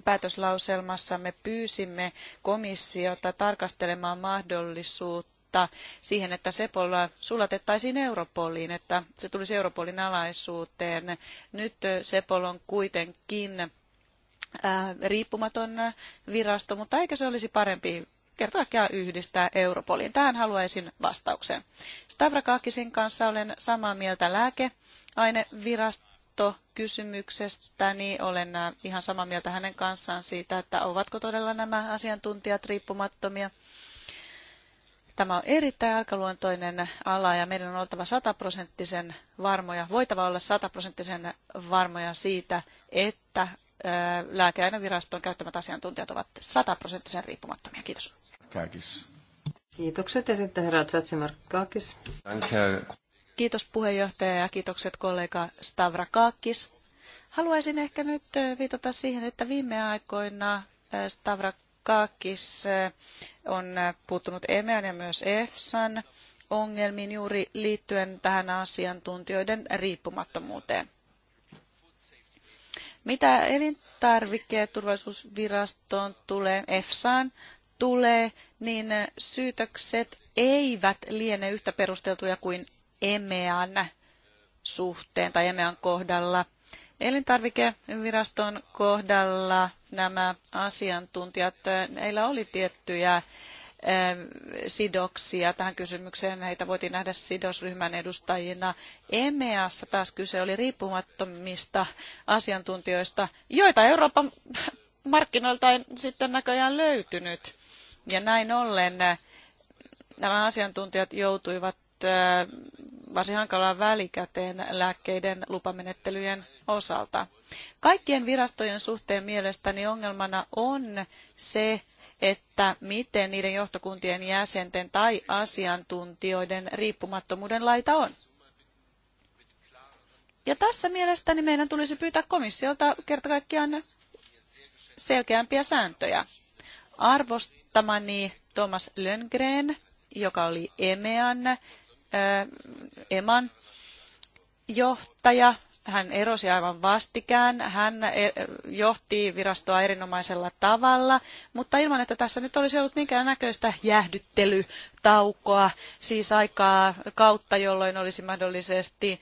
päätöslauselmassamme pyysimme komissiota tarkastelemaan mahdollisuutta siihen, että Sepolla sulatettaisiin Europoliin, että se tulisi Europolin alaisuuteen. Nyt Sepol on kuitenkin riippumaton virasto, mutta eikö se olisi parempi kertaakaan yhdistää Europoliin? Tähän haluaisin vastauksen. Stavrakakisin kanssa olen samaa mieltä lääkeainevirasto kysymyksestä, niin olen äh, ihan samaa mieltä hänen kanssaan siitä, että ovatko todella nämä asiantuntijat riippumattomia. Tämä on erittäin arkaluontoinen ala ja meidän on oltava sataprosenttisen varmoja, voitava olla sataprosenttisen varmoja siitä, että lääkeaineviraston käyttämät asiantuntijat ovat sataprosenttisen riippumattomia. Kiitos. Kaikis. Kiitokset ja sitten herra Tsatsimarkakis. Kiitos puheenjohtaja ja kiitokset kollega Kaakis. Haluaisin ehkä nyt viitata siihen, että viime aikoina Kaakis on puuttunut EMEAN ja myös EFSAn ongelmiin juuri liittyen tähän asiantuntijoiden riippumattomuuteen. Mitä elintarviketurvallisuusvirastoon tulee, EFSAan tulee, niin syytökset eivät liene yhtä perusteltuja kuin EMEAN suhteen tai EMEAN kohdalla. Elintarvikeviraston kohdalla nämä asiantuntijat, äh, heillä oli tiettyjä Ähm, sidoksia tähän kysymykseen. Heitä voitiin nähdä sidosryhmän edustajina. EMEassa taas kyse oli riippumattomista asiantuntijoista, joita Euroopan markkinoilta ei sitten näköjään löytynyt. Ja näin ollen äh, nämä asiantuntijat joutuivat äh, varsin hankalaan välikäteen lääkkeiden lupamenettelyjen osalta. Kaikkien virastojen suhteen mielestäni ongelmana on se, että miten niiden johtokuntien jäsenten tai asiantuntijoiden riippumattomuuden laita on. Ja tässä mielestäni meidän tulisi pyytää komissiolta kerta kaikkiaan selkeämpiä sääntöjä. Arvostamani Thomas Löngren, joka oli EMEAN, ää, EMAN johtaja, hän erosi aivan vastikään, hän e, johti virastoa erinomaisella tavalla, mutta ilman, että tässä nyt olisi ollut minkäännäköistä jäähdyttelytaukoa, siis aikaa kautta, jolloin olisi mahdollisesti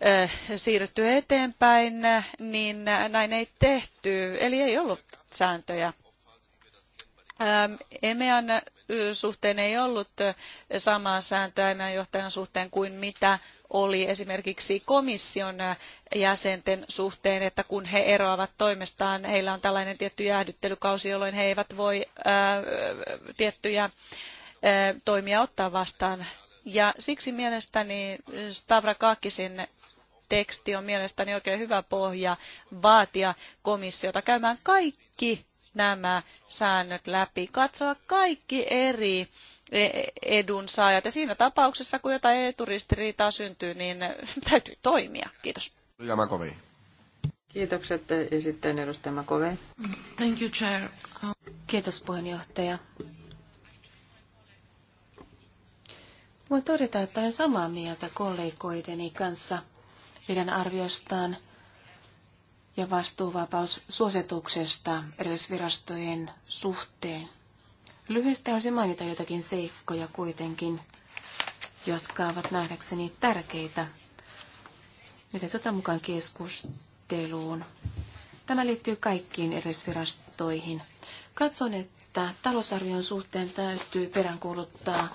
e, siirrytty eteenpäin, niin näin ei tehty, eli ei ollut sääntöjä. E, EMEAN suhteen ei ollut samaa sääntöä EMEAN johtajan suhteen kuin mitä oli esimerkiksi komission jäsenten suhteen, että kun he eroavat toimestaan, heillä on tällainen tietty jäähdyttelykausi, jolloin he eivät voi ää, tiettyjä ää, toimia ottaa vastaan. Ja siksi mielestäni Stavrakakisin teksti on mielestäni oikein hyvä pohja vaatia komissiota käymään kaikki nämä säännöt läpi, katsoa kaikki eri E- edunsaajat. Ja siinä tapauksessa, kun jotain eturistiriitaa syntyy, niin täytyy toimia. Kiitos. Jamakovi. Kiitokset eh, ja sitten edustaja Makove. Thank you, Chair. Kiitos puheenjohtaja. Voin todeta, että olen samaa mieltä kollegoideni kanssa heidän arviostaan ja vastuuvapaussuosituksesta erillisvirastojen suhteen. Lyhyesti haluaisin mainita jotakin seikkoja kuitenkin, jotka ovat nähdäkseni tärkeitä. Nyt tuota mukaan keskusteluun? Tämä liittyy kaikkiin erisvirastoihin. Katson, että talousarvion suhteen täytyy peräänkuuluttaa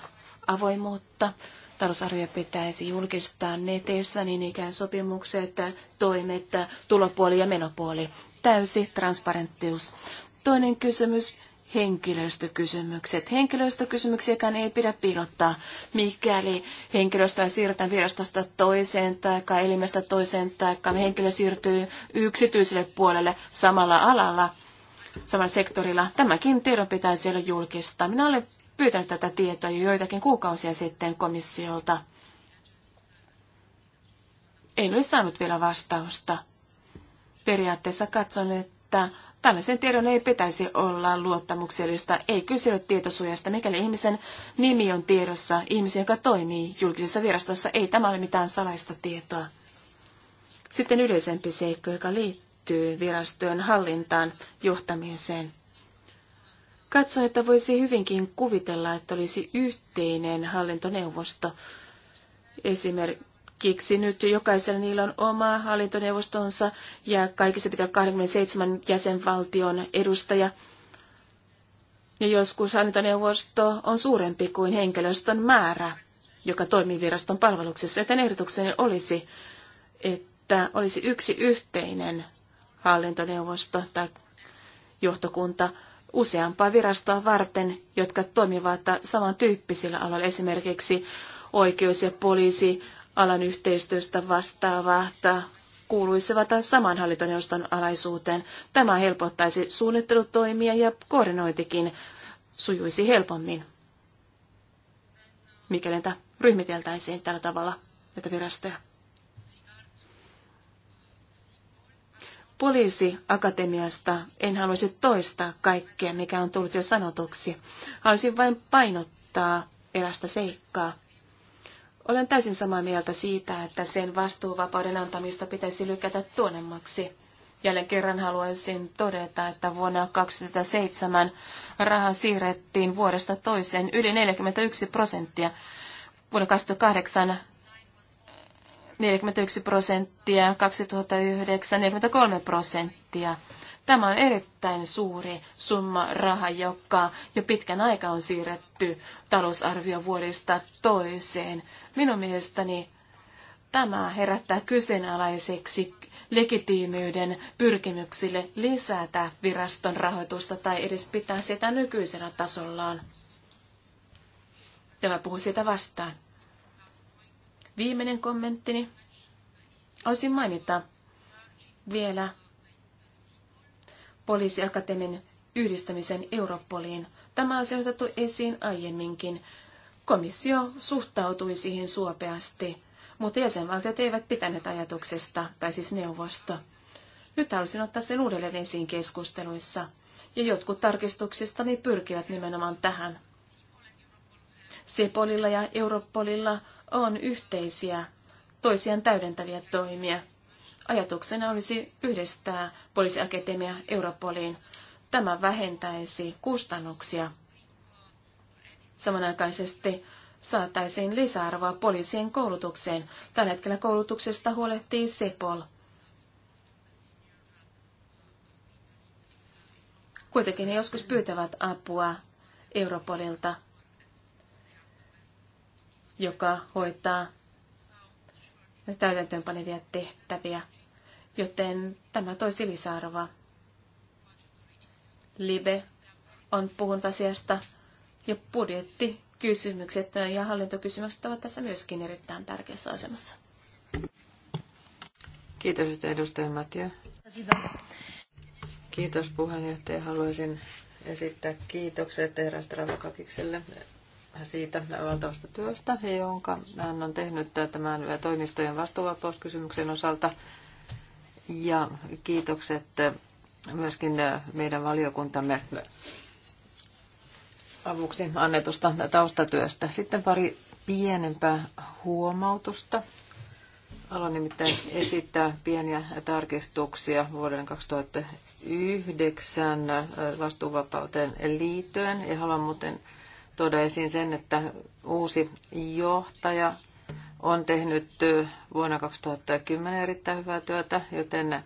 avoimuutta. Talousarvio pitäisi julkistaa netissä niin ikään sopimukset, toimet, tulopuoli ja menopuoli. Täysi transparenttius. Toinen kysymys henkilöstökysymykset. Henkilöstökysymyksiäkään ei pidä piilottaa, mikäli henkilöstöä siirretään virastosta toiseen tai elimestä toiseen tai henkilö siirtyy yksityiselle puolelle samalla alalla, samalla sektorilla. Tämäkin tiedon pitäisi olla julkista. Minä olen pyytänyt tätä tietoa jo joitakin kuukausia sitten komissiolta. En ole saanut vielä vastausta. Periaatteessa katson, että että tällaisen tiedon ei pitäisi olla luottamuksellista, ei kyse ole tietosuojasta, mikäli ihmisen nimi on tiedossa, ihmisen, joka toimii julkisessa virastossa, ei tämä ole mitään salaista tietoa. Sitten yleisempi seikko, joka liittyy virastojen hallintaan, johtamiseen. Katson, että voisi hyvinkin kuvitella, että olisi yhteinen hallintoneuvosto, esimerkiksi Kiksi nyt jokaisella niillä on oma hallintoneuvostonsa ja kaikissa pitää 27 jäsenvaltion edustaja. Ja joskus hallintoneuvosto on suurempi kuin henkilöstön määrä, joka toimii viraston palveluksessa. Joten ehdotukseni olisi, että olisi yksi yhteinen hallintoneuvosto tai johtokunta useampaa virastoa varten, jotka toimivat samantyyppisillä aloilla, esimerkiksi oikeus- ja poliisi, alan yhteistyöstä vastaavat kuuluisivat saman hallintoneuvoston alaisuuteen. Tämä helpottaisi suunnittelutoimia ja koordinointikin sujuisi helpommin, mikäli niitä ryhmiteltäisiin tällä tavalla, näitä virastoja. Poliisiakatemiasta en haluaisi toistaa kaikkea, mikä on tullut jo sanotuksi. Haluaisin vain painottaa erästä seikkaa. Olen täysin samaa mieltä siitä, että sen vastuuvapauden antamista pitäisi lykätä tuonemmaksi. Jälleen kerran haluaisin todeta, että vuonna 2007 raha siirrettiin vuodesta toiseen yli 41 prosenttia. Vuonna 2008 41 prosenttia, 2009 43 prosenttia. Tämä on erittäin suuri summa raha, joka jo pitkän aikaa on siirretty vuodesta toiseen. Minun mielestäni tämä herättää kyseenalaiseksi legitiimiyden pyrkimyksille lisätä viraston rahoitusta tai edes pitää sitä nykyisellä tasollaan. Tämä puhuu siitä vastaan. Viimeinen kommenttini. Olisin mainita vielä poliisiakatemian yhdistämisen Europoliin. Tämä on otettu esiin aiemminkin. Komissio suhtautui siihen suopeasti, mutta jäsenvaltiot eivät pitäneet ajatuksesta, tai siis neuvosto. Nyt halusin ottaa sen uudelleen esiin keskusteluissa, ja jotkut tarkistuksista tarkistuksistani pyrkivät nimenomaan tähän. Sepolilla ja Europolilla on yhteisiä, toisiaan täydentäviä toimia – Ajatuksena olisi yhdistää poliisiakatemia Europoliin. Tämä vähentäisi kustannuksia. Samanaikaisesti saataisiin lisäarvoa poliisien koulutukseen. Tällä hetkellä koulutuksesta huolehtii Sepol. Kuitenkin he joskus pyytävät apua Europolilta, joka hoitaa täytäntöönpanevia tehtäviä, joten tämä toisi lisäarvoa. Libe on puhunut asiasta ja budjettikysymykset ja hallintokysymykset ovat tässä myöskin erittäin tärkeässä asemassa. Kiitos, edustaja Mattia. Kiitos puheenjohtaja. Haluaisin esittää kiitokset Eera Stravokakikselle siitä valtavasta työstä, jonka hän on tehnyt tämän toimistojen vastuuvapauskysymyksen osalta. Ja kiitokset myöskin meidän valiokuntamme avuksi annetusta taustatyöstä. Sitten pari pienempää huomautusta. Haluan nimittäin esittää pieniä tarkistuksia vuoden 2009 vastuuvapauteen liittyen ja haluan muuten tuoda esiin sen, että uusi johtaja on tehnyt vuonna 2010 erittäin hyvää työtä, joten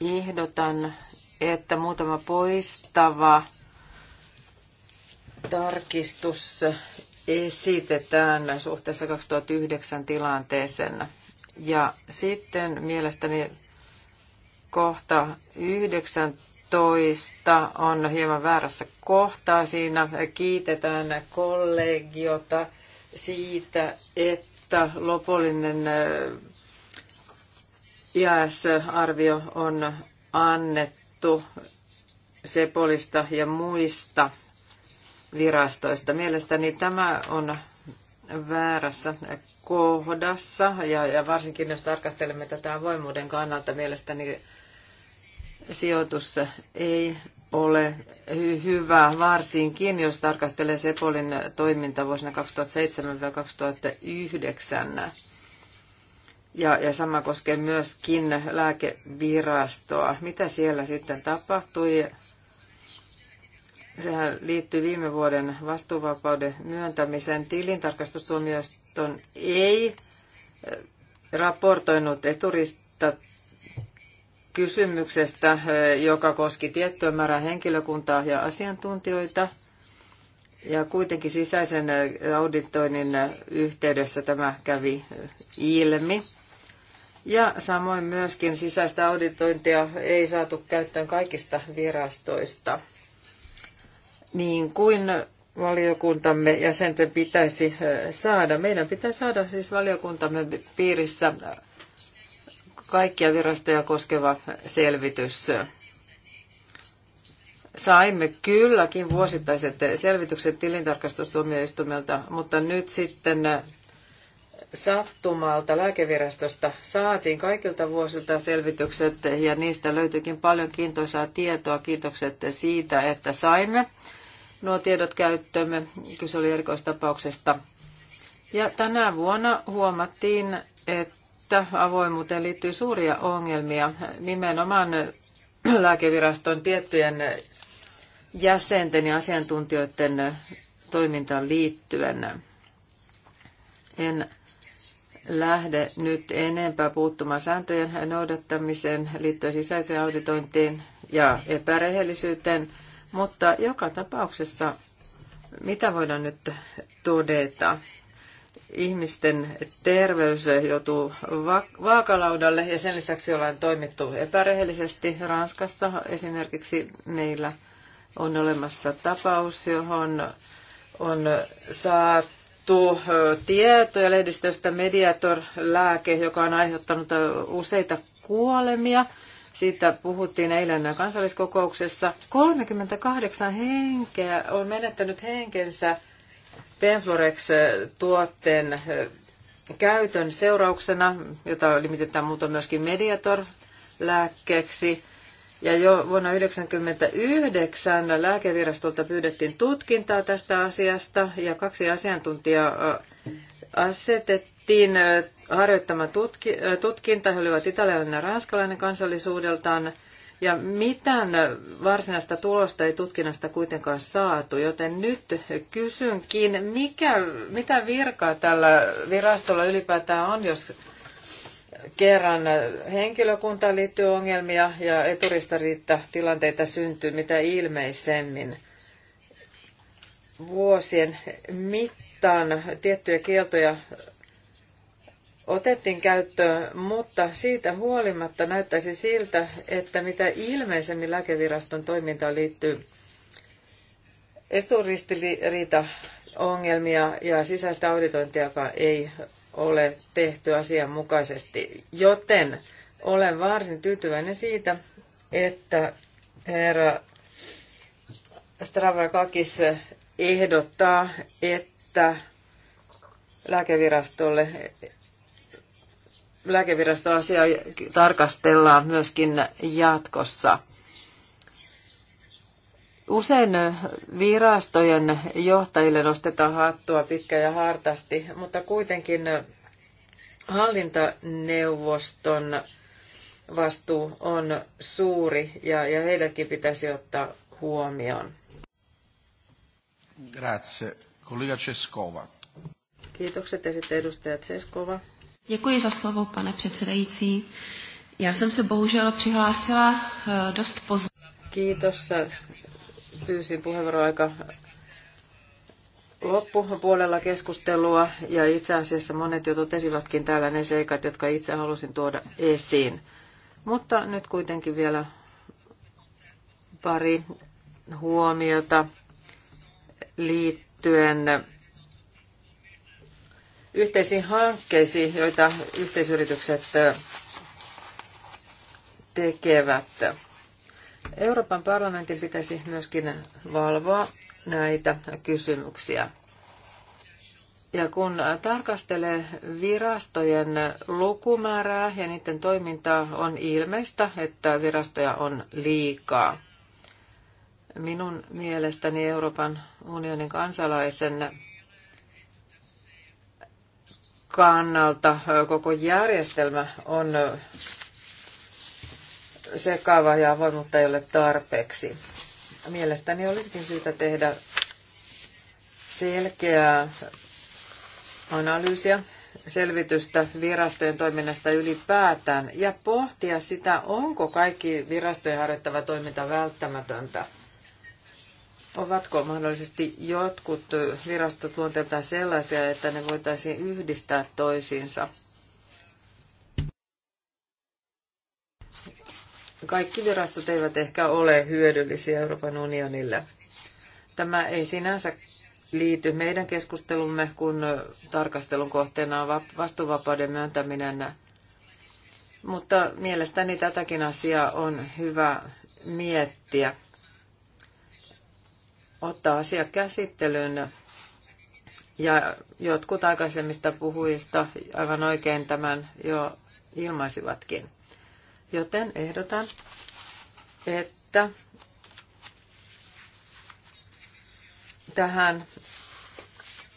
ehdotan, että muutama poistava tarkistus esitetään suhteessa 2009 tilanteeseen. Ja sitten mielestäni kohta 19 12 on hieman väärässä kohtaa. Siinä kiitetään kollegiota siitä, että lopullinen IAS-arvio on annettu Sepolista ja muista virastoista. Mielestäni tämä on väärässä kohdassa ja, ja varsinkin jos tarkastelemme tätä avoimuuden kannalta, mielestäni sijoitus ei ole hy- hyvä, varsinkin jos tarkastelee Sepolin toiminta vuosina 2007-2009. Ja, ja sama koskee myöskin lääkevirastoa. Mitä siellä sitten tapahtui? Sehän liittyy viime vuoden vastuuvapauden myöntämiseen. Tilintarkastustuomioiston ei eh, raportoinut eturista kysymyksestä, joka koski tiettyä määrää henkilökuntaa ja asiantuntijoita. Ja kuitenkin sisäisen auditoinnin yhteydessä tämä kävi ilmi. Ja samoin myöskin sisäistä auditointia ei saatu käyttöön kaikista virastoista. Niin kuin valiokuntamme jäsenten pitäisi saada. Meidän pitää saada siis valiokuntamme piirissä kaikkia virastoja koskeva selvitys. Saimme kylläkin vuosittaiset selvitykset tilintarkastustuomioistumilta, mutta nyt sitten sattumalta lääkevirastosta saatiin kaikilta vuosilta selvitykset ja niistä löytyykin paljon kiintoisaa tietoa. Kiitokset siitä, että saimme nuo tiedot käyttöömme. Kyse oli erikoistapauksesta. Ja tänä vuonna huomattiin, että avoimuuteen liittyy suuria ongelmia. Nimenomaan lääkeviraston tiettyjen jäsenten ja asiantuntijoiden toimintaan liittyen. En lähde nyt enempää puuttumaan sääntöjen noudattamiseen liittyen sisäiseen auditointiin ja epärehellisyyteen, mutta joka tapauksessa mitä voidaan nyt todeta? ihmisten terveys joutuu vaakalaudalle ja sen lisäksi ollaan toimittu epärehellisesti. Ranskassa esimerkiksi meillä on olemassa tapaus, johon on saatu tietoja lehdistöstä Mediator-lääke, joka on aiheuttanut useita kuolemia. Siitä puhuttiin eilen kansalliskokouksessa. 38 henkeä on menettänyt henkensä Penflorex-tuotteen eh, eh, käytön seurauksena, jota limitetään muuta myöskin Mediator-lääkkeeksi. Ja jo vuonna 1999 lääkevirastolta pyydettiin tutkintaa tästä asiasta ja kaksi asiantuntijaa eh, asetettiin harjoittamaan tutki, tutkinta. He olivat italialainen ja ranskalainen kansallisuudeltaan. Ja mitään varsinaista tulosta ei tutkinnasta kuitenkaan saatu, joten nyt kysynkin, mikä, mitä virkaa tällä virastolla ylipäätään on, jos kerran henkilökuntaan liittyy ongelmia ja eturistariitta tilanteita syntyy mitä ilmeisemmin vuosien mittaan tiettyjä kieltoja otettiin käyttöön, mutta siitä huolimatta näyttäisi siltä, että mitä ilmeisemmin lääkeviraston toimintaan liittyy esturistiriita ongelmia ja sisäistä auditointiakaan ei ole tehty asianmukaisesti, joten olen varsin tyytyväinen siitä, että herra Stravrakakis ehdottaa, että lääkevirastolle lääkevirastoasiaa tarkastellaan myöskin jatkossa. Usein virastojen johtajille nostetaan hattua pitkä ja hartasti, mutta kuitenkin hallintaneuvoston vastuu on suuri ja, ja heidätkin pitäisi ottaa huomioon. Grazie. Kollega Ceskova. Kiitokset esitte edustaja Ceskova. Děkuji za slovo, pane předsedající. Já jsem se bohužel přihlásila eh, dost pozdě. Kiitos. Pyysin puheenvuoroa aika loppupuolella keskustelua ja itse asiassa monet jo totesivatkin täällä ne seikat, jotka itse halusin tuoda esiin. Mutta nyt kuitenkin vielä pari huomiota liittyen yhteisiin hankkeisiin, joita yhteisyritykset tekevät. Euroopan parlamentin pitäisi myöskin valvoa näitä kysymyksiä. Ja kun tarkastelee virastojen lukumäärää ja niiden toimintaa, on ilmeistä, että virastoja on liikaa. Minun mielestäni Euroopan unionin kansalaisen kannalta koko järjestelmä on sekava ja avoimuutta ei ole tarpeeksi. Mielestäni olisikin syytä tehdä selkeää analyysiä, selvitystä virastojen toiminnasta ylipäätään ja pohtia sitä, onko kaikki virastojen harjoittava toiminta välttämätöntä – Ovatko mahdollisesti jotkut virastot luonteeltaan sellaisia, että ne voitaisiin yhdistää toisiinsa? Kaikki virastot eivät ehkä ole hyödyllisiä Euroopan unionille. Tämä ei sinänsä liity meidän keskustelumme, kun tarkastelun kohteena on vastuuvapauden myöntäminen. Mutta mielestäni tätäkin asiaa on hyvä miettiä ottaa asia käsittelyyn. Ja jotkut aikaisemmista puhujista aivan oikein tämän jo ilmaisivatkin. Joten ehdotan, että tähän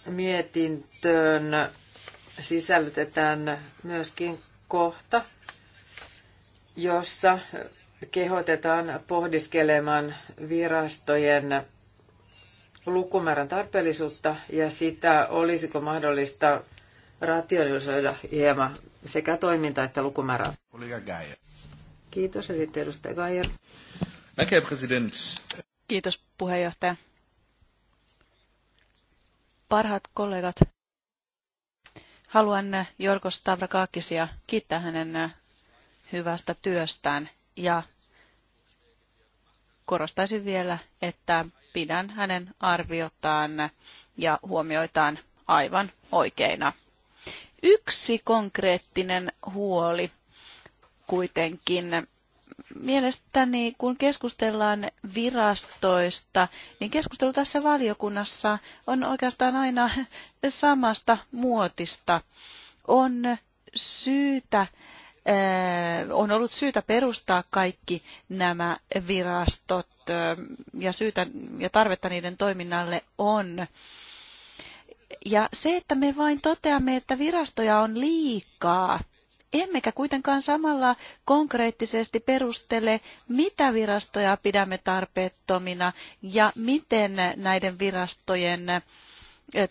mietintöön sisällytetään myöskin kohta, jossa kehotetaan pohdiskelemaan virastojen lukumäärän tarpeellisuutta ja sitä, olisiko mahdollista rationalisoida hieman sekä toiminta että lukumäärää. Kiitos ja sitten edustaja Geier. Näkee president. Kiitos puheenjohtaja. Parhaat kollegat, haluan Jorgos Stavrakakisia kiittää hänen hyvästä työstään ja korostaisin vielä, että pidän hänen arviotaan ja huomioitaan aivan oikeina. Yksi konkreettinen huoli kuitenkin mielestäni, kun keskustellaan virastoista, niin keskustelu tässä valiokunnassa on oikeastaan aina samasta muotista. On syytä, eh, on ollut syytä perustaa kaikki nämä virastot ja syytä ja tarvetta niiden toiminnalle on. Ja se, että me vain toteamme, että virastoja on liikaa, emmekä kuitenkaan samalla konkreettisesti perustele, mitä virastoja pidämme tarpeettomina ja miten näiden virastojen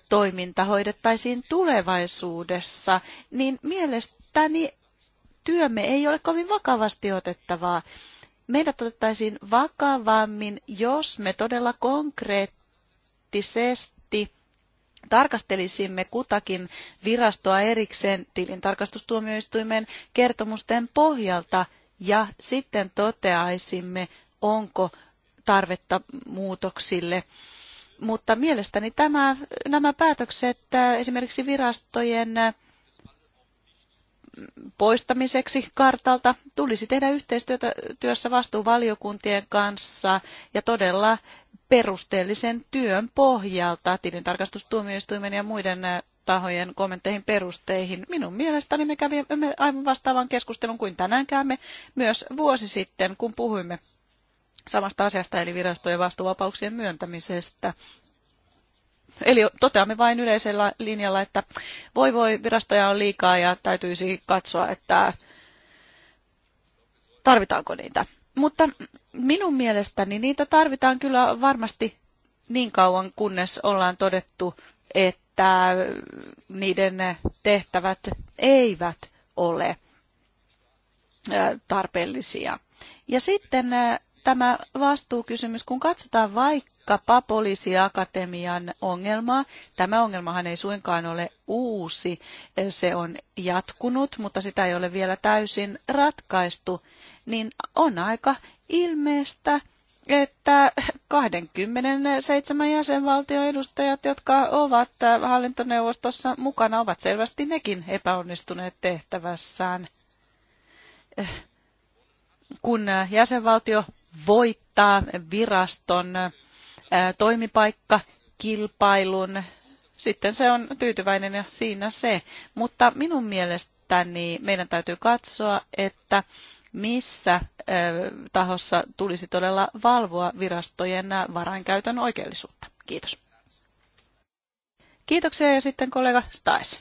toiminta hoidettaisiin tulevaisuudessa, niin mielestäni työmme ei ole kovin vakavasti otettavaa meidät otettaisiin vakavammin, jos me todella konkreettisesti tarkastelisimme kutakin virastoa erikseen tilintarkastustuomioistuimen kertomusten pohjalta ja sitten toteaisimme, onko tarvetta muutoksille. Mutta mielestäni tämä, nämä päätökset äh, esimerkiksi virastojen äh, poistamiseksi kartalta tulisi tehdä yhteistyötä työssä vastuuvaliokuntien kanssa ja todella perusteellisen työn pohjalta tilintarkastustuomioistuimen ja muiden äh, tahojen kommentteihin perusteihin. Minun mielestäni me kävimme aivan vastaavan keskustelun kuin tänään käymme myös vuosi sitten, kun puhuimme samasta asiasta eli virastojen vastuuvapauksien myöntämisestä. Eli toteamme vain yleisellä linjalla, että voi voi, virastoja on liikaa ja täytyisi katsoa, että tarvitaanko niitä. Mutta minun mielestäni niitä tarvitaan kyllä varmasti niin kauan, kunnes ollaan todettu, että niiden tehtävät eivät ole tarpeellisia. Ja sitten tämä vastuukysymys, kun katsotaan vaikkapa poliisiakatemian ongelmaa, tämä ongelmahan ei suinkaan ole uusi, se on jatkunut, mutta sitä ei ole vielä täysin ratkaistu, niin on aika ilmeistä, että 27 jäsenvaltion edustajat, jotka ovat hallintoneuvostossa mukana, ovat selvästi nekin epäonnistuneet tehtävässään kun jäsenvaltio voittaa viraston toimipaikka kilpailun, sitten se on tyytyväinen ja siinä se. Mutta minun mielestäni meidän täytyy katsoa, että missä tahossa tulisi todella valvoa virastojen varainkäytön oikeellisuutta. Kiitos. Kiitoksia ja sitten kollega Stais.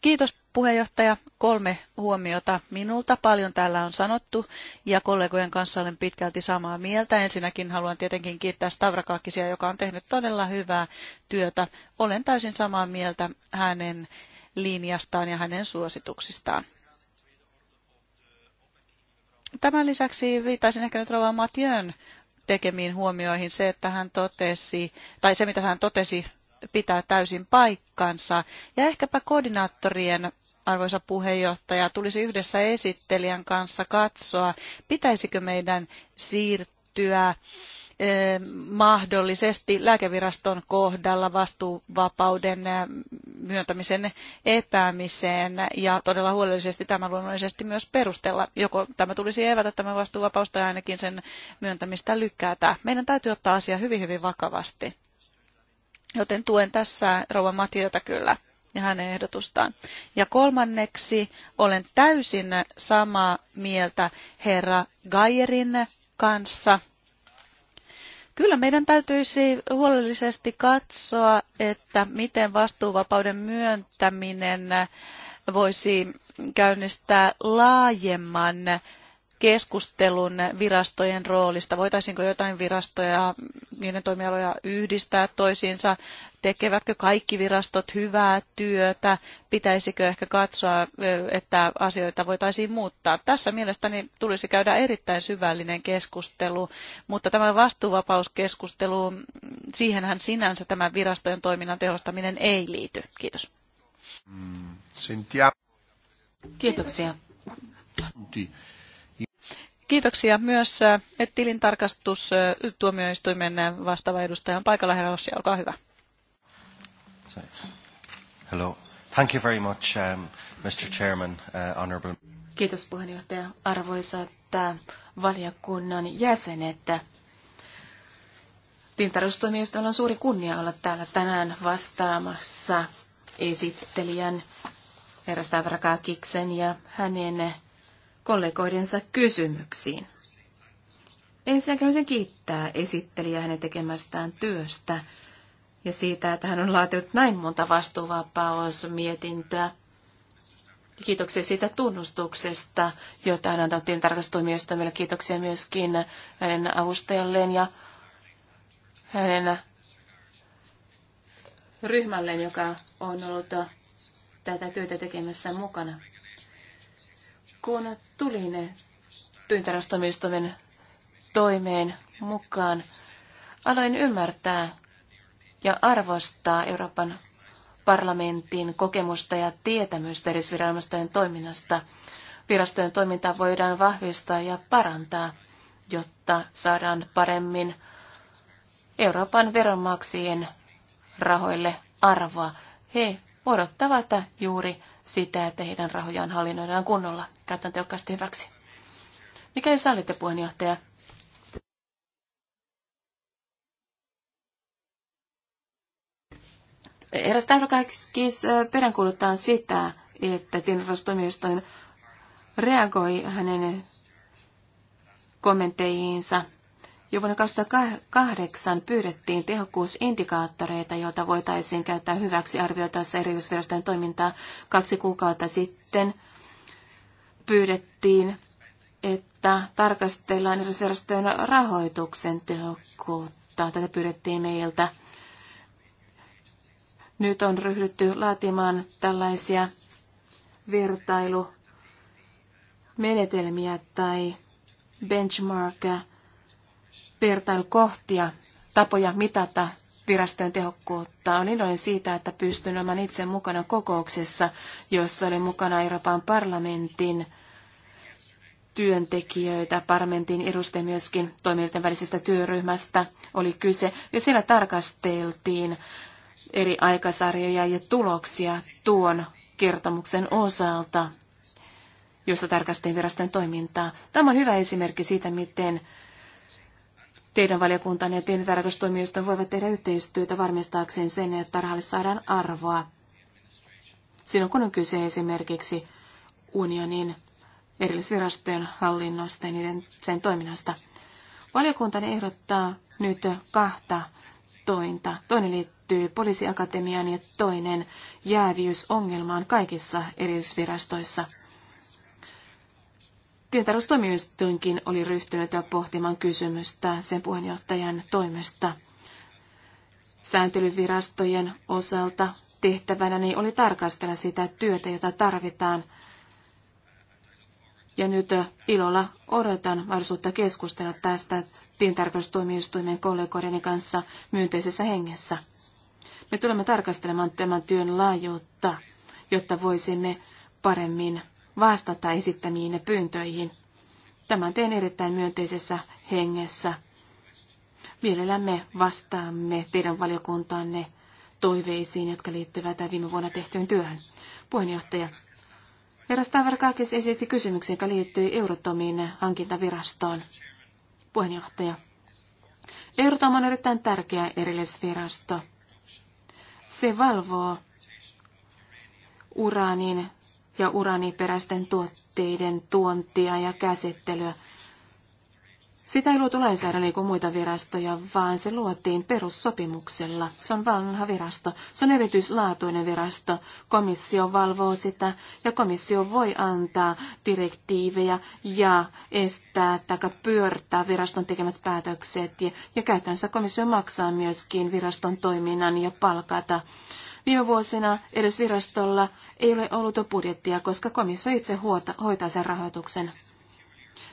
Kiitos Puheenjohtaja, kolme huomiota minulta. Paljon täällä on sanottu ja kollegojen kanssa olen pitkälti samaa mieltä. Ensinnäkin haluan tietenkin kiittää Stavrakakisia, joka on tehnyt todella hyvää työtä. Olen täysin samaa mieltä hänen linjastaan ja hänen suosituksistaan. Tämän lisäksi viitaisin ehkä nyt rouva Mathieun tekemiin huomioihin se, että hän totesi, tai se mitä hän totesi pitää täysin paikkansa. Ja ehkäpä koordinaattorien, arvoisa puheenjohtaja, tulisi yhdessä esittelijän kanssa katsoa, pitäisikö meidän siirtyä eh, mahdollisesti lääkeviraston kohdalla vastuuvapauden eh, myöntämisen epäämiseen ja todella huolellisesti tämä luonnollisesti myös perustella. Joko tämä tulisi evätä tämä vastuuvapaus tai ainakin sen myöntämistä lykätä. Meidän täytyy ottaa asia hyvin hyvin vakavasti. Joten tuen tässä rouva Matiota kyllä ja hänen ehdotustaan. Ja kolmanneksi olen täysin samaa mieltä herra Gaierin kanssa. Kyllä meidän täytyisi huolellisesti katsoa, että miten vastuuvapauden myöntäminen voisi käynnistää laajemman keskustelun virastojen roolista. Voitaisiinko jotain virastoja, niiden toimialoja yhdistää toisiinsa? Tekevätkö kaikki virastot hyvää työtä? Pitäisikö ehkä katsoa, että asioita voitaisiin muuttaa? Tässä mielestäni tulisi käydä erittäin syvällinen keskustelu, mutta tämä vastuuvapauskeskustelu, siihenhän sinänsä tämä virastojen toiminnan tehostaminen ei liity. Kiitos. Mm, Kiitoksia. Kiitoksia myös tuomioistuimen vastaava edustaja on paikalla. Herra Rossi, olkaa hyvä. Hello. Thank you very much, um, Mr. Chairman, uh, honorable... Kiitos puheenjohtaja. Arvoisat valiokunnan jäsenet. Tilintarkastustuomioistuimella on suuri kunnia olla täällä tänään vastaamassa esittelijän Herra Stavrakakiksen ja hänen kollegoidensa kysymyksiin. Ensinnäkin haluaisin kiittää esittelijää hänen tekemästään työstä ja siitä, että hän on laatinut näin monta vastuuvapausmietintöä. Kiitoksia siitä tunnustuksesta, jota hän antoi tarkastustoimijoistamille. Kiitoksia myöskin hänen avustajalleen ja hänen ryhmälleen, joka on ollut tätä työtä tekemässä mukana. Kun tuli ne tyyntärastomistomen toimeen mukaan, aloin ymmärtää ja arvostaa Euroopan parlamentin kokemusta ja tietämystä eri viranomaisten toiminnasta. Virastojen toimintaa voidaan vahvistaa ja parantaa, jotta saadaan paremmin Euroopan veronmaksien rahoille arvoa. He odottavat juuri sitä, että heidän rahojaan hallinnoidaan kunnolla. Käytän tehokkaasti hyväksi. Mikäli sallitte, puheenjohtaja, Eräs tahdokaiskis peräänkuuluttaa sitä, että tiedonvastuomioistuin reagoi hänen kommentteihinsa jo vuonna 2008 pyydettiin tehokkuusindikaattoreita, joita voitaisiin käyttää hyväksi arvioitaessa erikoisvirastojen toimintaa. Kaksi kuukautta sitten pyydettiin, että tarkastellaan erikoisvirastojen rahoituksen tehokkuutta. Tätä pyydettiin meiltä. Nyt on ryhdytty laatimaan tällaisia vertailumenetelmiä tai benchmarkia vertailukohtia, tapoja mitata virastojen tehokkuutta. On iloinen siitä, että pystyn olemaan itse mukana kokouksessa, jossa oli mukana Euroopan parlamentin työntekijöitä, parlamentin edustajia myöskin toimijoiden välisestä työryhmästä oli kyse. Ja siellä tarkasteltiin eri aikasarjoja ja tuloksia tuon kertomuksen osalta, jossa tarkastin virastojen toimintaa. Tämä on hyvä esimerkki siitä, miten teidän valiokuntanne ja teidän tarkastustoimijoista voivat tehdä yhteistyötä varmistaakseen sen, että tarhalle saadaan arvoa. Silloin kun on kyse esimerkiksi unionin erillisvirastojen hallinnosta ja niiden sen toiminnasta. Valiokuntani ehdottaa nyt kahta tointa. Toinen liittyy poliisiakatemiaan ja toinen jääviysongelmaan kaikissa erillisvirastoissa – Tientaloustoimijoistuinkin oli ryhtynyt pohtimaan kysymystä sen puheenjohtajan toimesta. Sääntelyvirastojen osalta tehtävänä niin oli tarkastella sitä työtä, jota tarvitaan. Ja nyt äh, ilolla odotan mahdollisuutta keskustella tästä tilintarkastustuomioistuimen kollegoiden kanssa myönteisessä hengessä. Me tulemme tarkastelemaan tämän työn laajuutta, jotta voisimme paremmin vastata esittämiin pyyntöihin. Tämän teen erittäin myönteisessä hengessä. Mielellämme vastaamme teidän valiokuntaanne toiveisiin, jotka liittyvät viime vuonna tehtyyn työhön. Puheenjohtaja, herra Stavarkakis esitti kysymyksen, joka liittyy Eurotomin hankintavirastoon. Puheenjohtaja. Eurotom on erittäin tärkeä erillisvirasto. Se valvoo uraanin ja uraniperäisten tuotteiden tuontia ja käsittelyä. Sitä ei luotu lainsäädännöllä kuin muita virastoja, vaan se luotiin perussopimuksella. Se on vanha virasto. Se on erityislaatuinen virasto. Komissio valvoo sitä ja komissio voi antaa direktiivejä ja estää tai pyörtää viraston tekemät päätökset. Ja, ja käytännössä komissio maksaa myöskin viraston toiminnan ja palkata Viime vuosina edes virastolla ei ole ollut budjettia, koska komissio itse huota, hoitaa sen rahoituksen.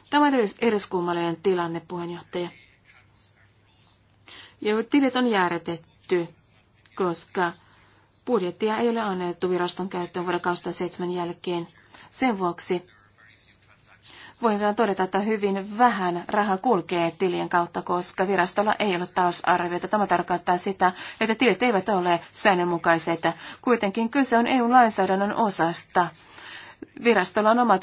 Tämä on edes, edes kummallinen tilanne, puheenjohtaja. Ja tilit on jäärätetty, koska budjettia ei ole annettu viraston käyttöön vuoden 2007 jälkeen. Sen vuoksi voidaan todeta, että hyvin vähän raha kulkee tilien kautta, koska virastolla ei ole talousarviota. Tämä tarkoittaa sitä, että tilit eivät ole säännönmukaiset. Kuitenkin kyse on EU-lainsäädännön osasta, Virastolla on omat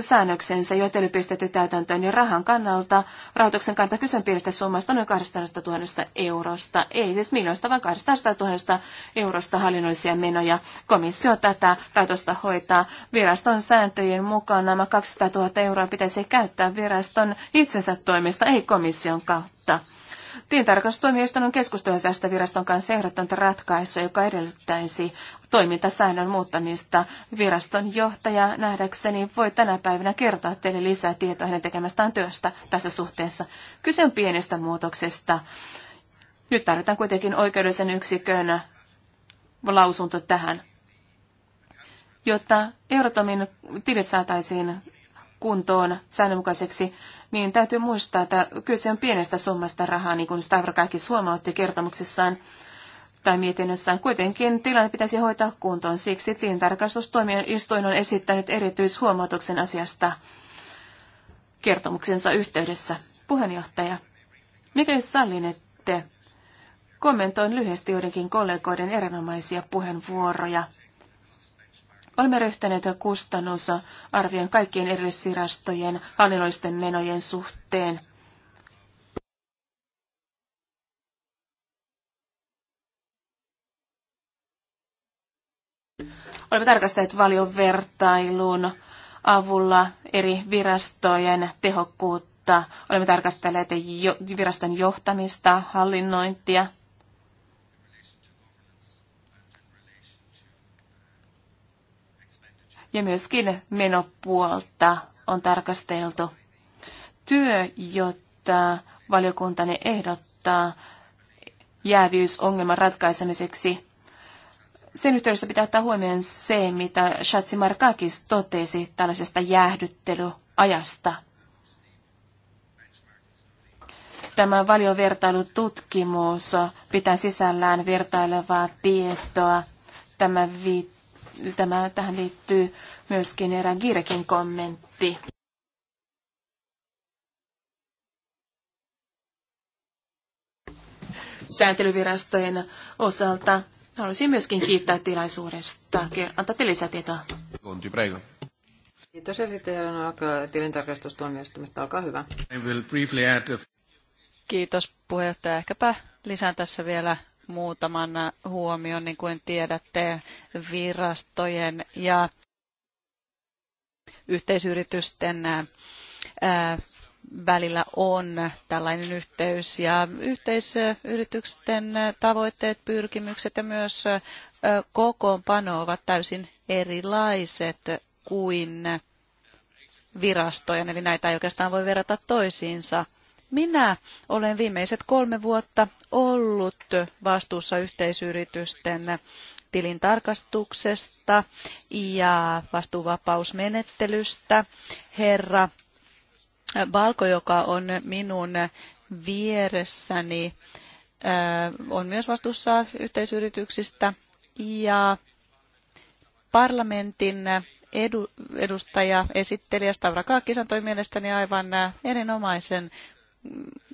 säännöksensä, joita ei pistetty täytäntöön, niin rahan kannalta, rahoituksen kannalta kysyn pienestä summasta noin 200 000 eurosta, ei siis miljoonasta, vaan 200 000 eurosta hallinnollisia menoja. Komissio tätä rahoitusta hoitaa. Viraston sääntöjen mukaan nämä 200 000 euroa pitäisi käyttää viraston itsensä toimesta, ei komission kautta. Tilintarkastustoimijoiston on keskustelusästä viraston kanssa ehdottanut ratkaisua, joka edellyttäisi toimintasäännön muuttamista. Viraston johtaja nähdäkseni voi tänä päivänä kertoa teille lisää tietoa hänen tekemästään työstä tässä suhteessa. Kyse on pienestä muutoksesta. Nyt tarvitaan kuitenkin oikeudellisen yksikön lausunto tähän. Jotta Eurotomin tilit saataisiin kuntoon säännönmukaiseksi, niin täytyy muistaa, että kyse on pienestä summasta rahaa, niin kuin Stavrakakis huomautti kertomuksessaan tai mietinnössään. Kuitenkin tilanne pitäisi hoitaa kuntoon, siksi tilintarkastustoimien istuin on esittänyt erityishuomautuksen asiasta kertomuksensa yhteydessä. Puheenjohtaja, miten sallin, että kommentoin lyhyesti joidenkin kollegoiden erinomaisia puheenvuoroja. Olemme ryhtyneet kustannusarvion kaikkien erillisvirastojen hallinnollisten menojen suhteen. Olemme tarkastaneet valion vertailun avulla eri virastojen tehokkuutta. Olemme tarkastelleet viraston johtamista, hallinnointia, ja myöskin menopuolta on tarkasteltu. Työ, jotta valiokuntani ehdottaa jäävyysongelman ratkaisemiseksi, sen yhteydessä pitää ottaa huomioon se, mitä Shatsi Markakis totesi tällaisesta jäähdyttelyajasta. Tämä valiovertailututkimus pitää sisällään vertailevaa tietoa. Tämä viittaa tämä, tähän liittyy myöskin erään Girekin kommentti. Sääntelyvirastojen osalta haluaisin myöskin kiittää tilaisuudesta. Antaa te lisätietoa. Konti, prego. Kiitos sitten no, alkaa tilintarkastustuomioistumista. Olkaa hyvä. I will briefly add a... Kiitos puheenjohtaja. Ehkäpä lisään tässä vielä muutaman huomion, niin kuin tiedätte, virastojen ja yhteisyritysten välillä on tällainen yhteys ja yhteisyritysten tavoitteet, pyrkimykset ja myös kokoonpano ovat täysin erilaiset kuin virastojen, eli näitä ei oikeastaan voi verrata toisiinsa. Minä olen viimeiset kolme vuotta ollut vastuussa yhteisyritysten tilintarkastuksesta ja vastuuvapausmenettelystä. Herra Valko, joka on minun vieressäni, äh, on myös vastuussa yhteisyrityksistä ja parlamentin edustaja, esittelijä Stavrakakis antoi mielestäni aivan erinomaisen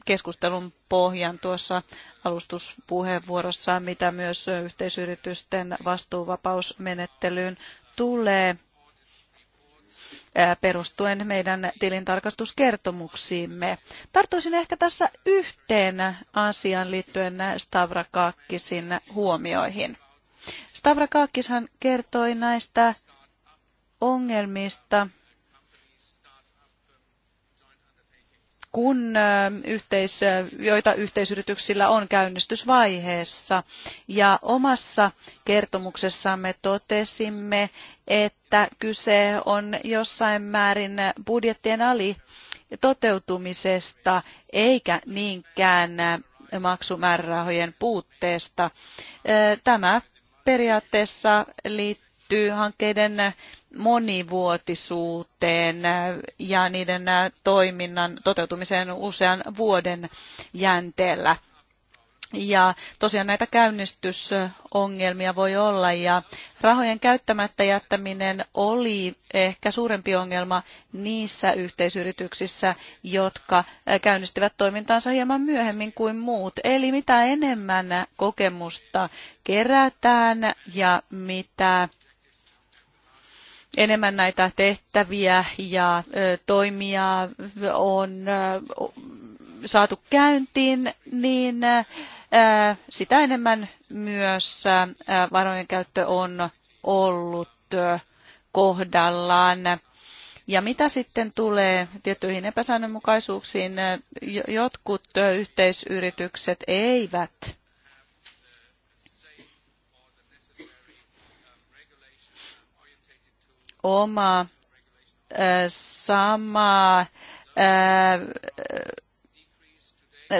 keskustelun pohjan tuossa alustuspuheenvuorossaan, mitä myös yhteisyritysten vastuuvapausmenettelyyn tulee perustuen meidän tilintarkastuskertomuksiimme. Tarttuisin ehkä tässä yhteen asiaan liittyen Stavrakaakkisin huomioihin. Stavrakaakishan kertoi näistä ongelmista, kun yhteis, joita yhteisyrityksillä on käynnistysvaiheessa. Ja omassa kertomuksessamme totesimme, että kyse on jossain määrin budjettien ali toteutumisesta eikä niinkään maksumäärärahojen puutteesta. Tämä periaatteessa liittyy liittyy hankkeiden monivuotisuuteen ja niiden toiminnan toteutumiseen usean vuoden jänteellä. Ja tosiaan näitä käynnistysongelmia voi olla ja rahojen käyttämättä jättäminen oli ehkä suurempi ongelma niissä yhteisyrityksissä, jotka käynnistivät toimintaansa hieman myöhemmin kuin muut. Eli mitä enemmän kokemusta kerätään ja mitä enemmän näitä tehtäviä ja toimia on saatu käyntiin, niin sitä enemmän myös varojen käyttö on ollut kohdallaan. Ja mitä sitten tulee tiettyihin epäsäännönmukaisuuksiin, jotkut yhteisyritykset eivät oma sama,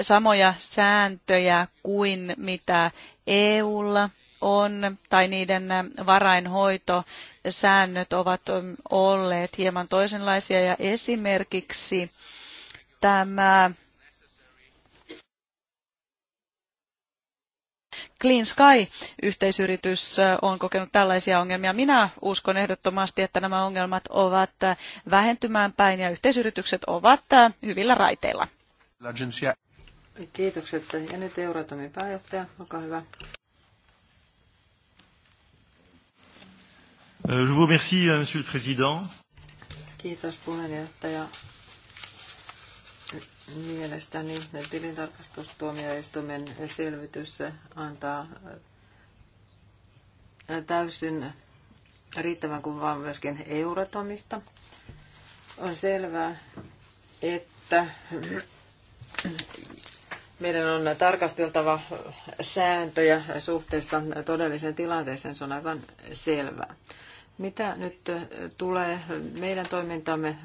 samoja sääntöjä kuin mitä EUlla on, tai niiden varainhoitosäännöt ovat olleet hieman toisenlaisia, ja esimerkiksi tämä Clean Sky-yhteisyritys on kokenut tällaisia ongelmia. Minä uskon ehdottomasti, että nämä ongelmat ovat vähentymään päin ja yhteisyritykset ovat hyvillä raiteilla. Kiitokset. Ja nyt Euratomin pääjohtaja, olkaa hyvä. Euh, je vous remercie, euh, Monsieur le Président. Kiitos puheenjohtaja. Mielestäni tilintarkastustuomioistuimen selvitys antaa täysin riittävän kuvan myöskin Euratomista. On selvää, että meidän on tarkasteltava sääntöjä suhteessa todelliseen tilanteeseen, se on aivan selvää. Mitä nyt tulee meidän toimintamme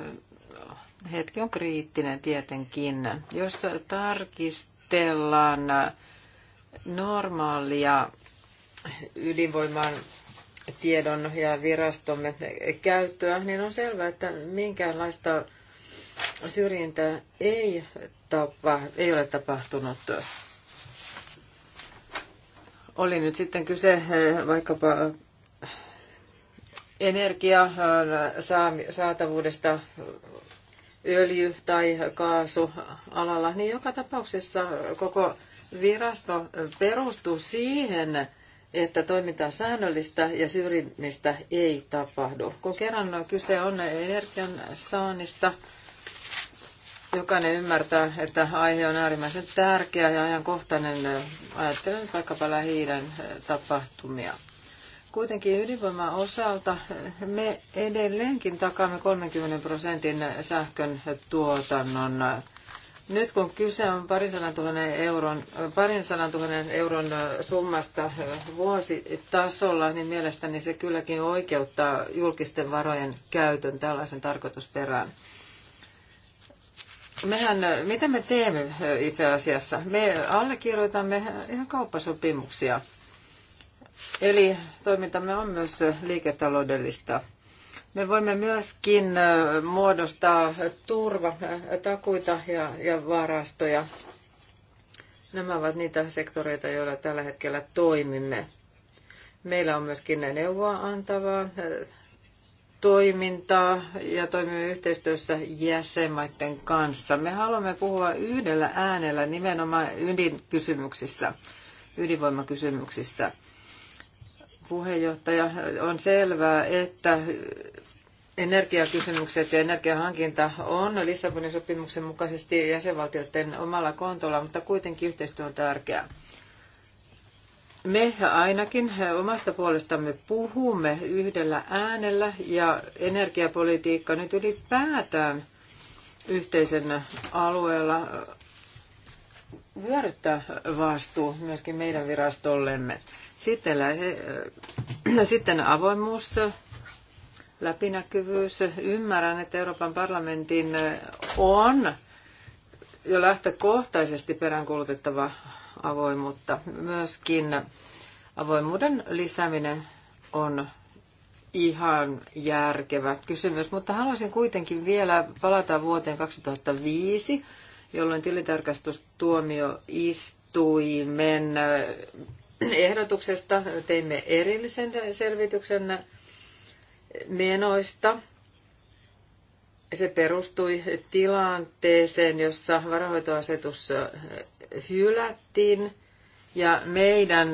hetki on kriittinen tietenkin. Jos tarkistellaan normaalia ydinvoiman tiedon ja virastomme käyttöä, niin on selvää, että minkäänlaista syrjintää ei, tapa, ei ole tapahtunut. Oli nyt sitten kyse eh, vaikkapa energia saatavuudesta öljy- tai kaasualalla, niin joka tapauksessa koko virasto perustuu siihen, että toimintaa säännöllistä ja syrjimistä ei tapahdu. Kun kerran kyse on energian saannista, jokainen ymmärtää, että aihe on äärimmäisen tärkeä ja ajankohtainen. Ajattelen vaikkapa lähi tapahtumia. Kuitenkin ydinvoiman osalta me edelleenkin takaamme 30 prosentin sähkön tuotannon. Nyt kun kyse on parin tuhannen euron, parin tuhannen euron summasta vuositasolla, niin mielestäni se kylläkin oikeuttaa julkisten varojen käytön tällaisen tarkoitusperään. Mehän, mitä me teemme itse asiassa? Me allekirjoitamme ihan kauppasopimuksia – Eli toimintamme on myös liiketaloudellista. Me voimme myöskin muodostaa turva takuita ja, ja varastoja. Nämä ovat niitä sektoreita, joilla tällä hetkellä toimimme. Meillä on myöskin neuvoa antavaa toimintaa ja toimimme yhteistyössä jäsenmaiden kanssa. Me haluamme puhua yhdellä äänellä nimenomaan ydinkysymyksissä, ydinvoimakysymyksissä puheenjohtaja, on selvää, että energiakysymykset ja energiahankinta on Lissabonin sopimuksen mukaisesti jäsenvaltioiden omalla kontolla, mutta kuitenkin yhteistyö on tärkeää. Me ainakin omasta puolestamme puhumme yhdellä äänellä ja energiapolitiikka nyt ylipäätään yhteisen alueella vyöryttää vastuu myöskin meidän virastollemme. Sitten, lähe, äh, sitten avoimuus, läpinäkyvyys. Ymmärrän, että Euroopan parlamentin äh, on jo lähtökohtaisesti peräänkuulutettava avoimuutta. Myöskin avoimuuden lisääminen on ihan järkevä kysymys, mutta haluaisin kuitenkin vielä palata vuoteen 2005, jolloin tilintarkastustuomioistuimen ehdotuksesta teimme erillisen selvityksen menoista. Se perustui tilanteeseen, jossa varahoitoasetus hylättiin ja meidän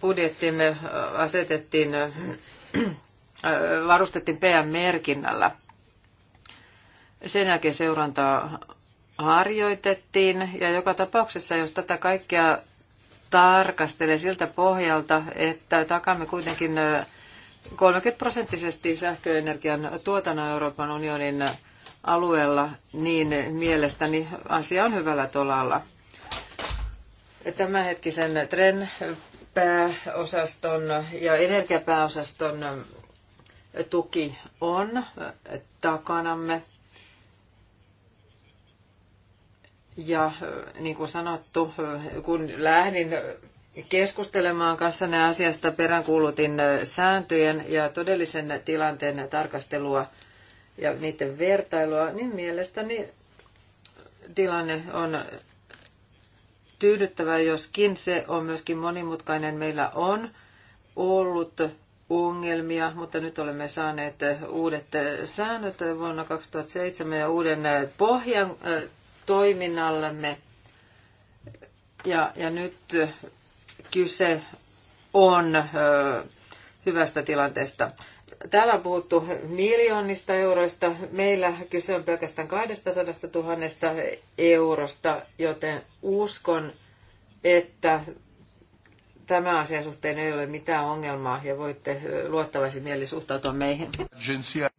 budjettimme asetettiin, varustettiin PM-merkinnällä. Sen jälkeen seurantaa harjoitettiin ja joka tapauksessa, jos tätä kaikkea tarkastelee siltä pohjalta, että takamme kuitenkin 30 prosenttisesti sähköenergian tuotannon Euroopan unionin alueella, niin mielestäni asia on hyvällä tolalla. Tämänhetkisen TREN pääosaston ja energiapääosaston tuki on takanamme. Ja niin kuin sanottu, kun lähdin keskustelemaan kanssanne asiasta, peräänkuulutin sääntöjen ja todellisen tilanteen tarkastelua ja niiden vertailua, niin mielestäni tilanne on tyydyttävä, joskin se on myöskin monimutkainen. Meillä on ollut ongelmia, mutta nyt olemme saaneet uudet säännöt vuonna 2007 ja uuden pohjan toiminnallemme. Ja, ja nyt kyse on hyvästä tilanteesta. Täällä on puhuttu miljoonista euroista. Meillä kyse on pelkästään 200 000 eurosta, joten uskon, että tämä asian suhteen ei ole mitään ongelmaa ja voitte luottavaisin mieli suhtautua meihin. Agencia.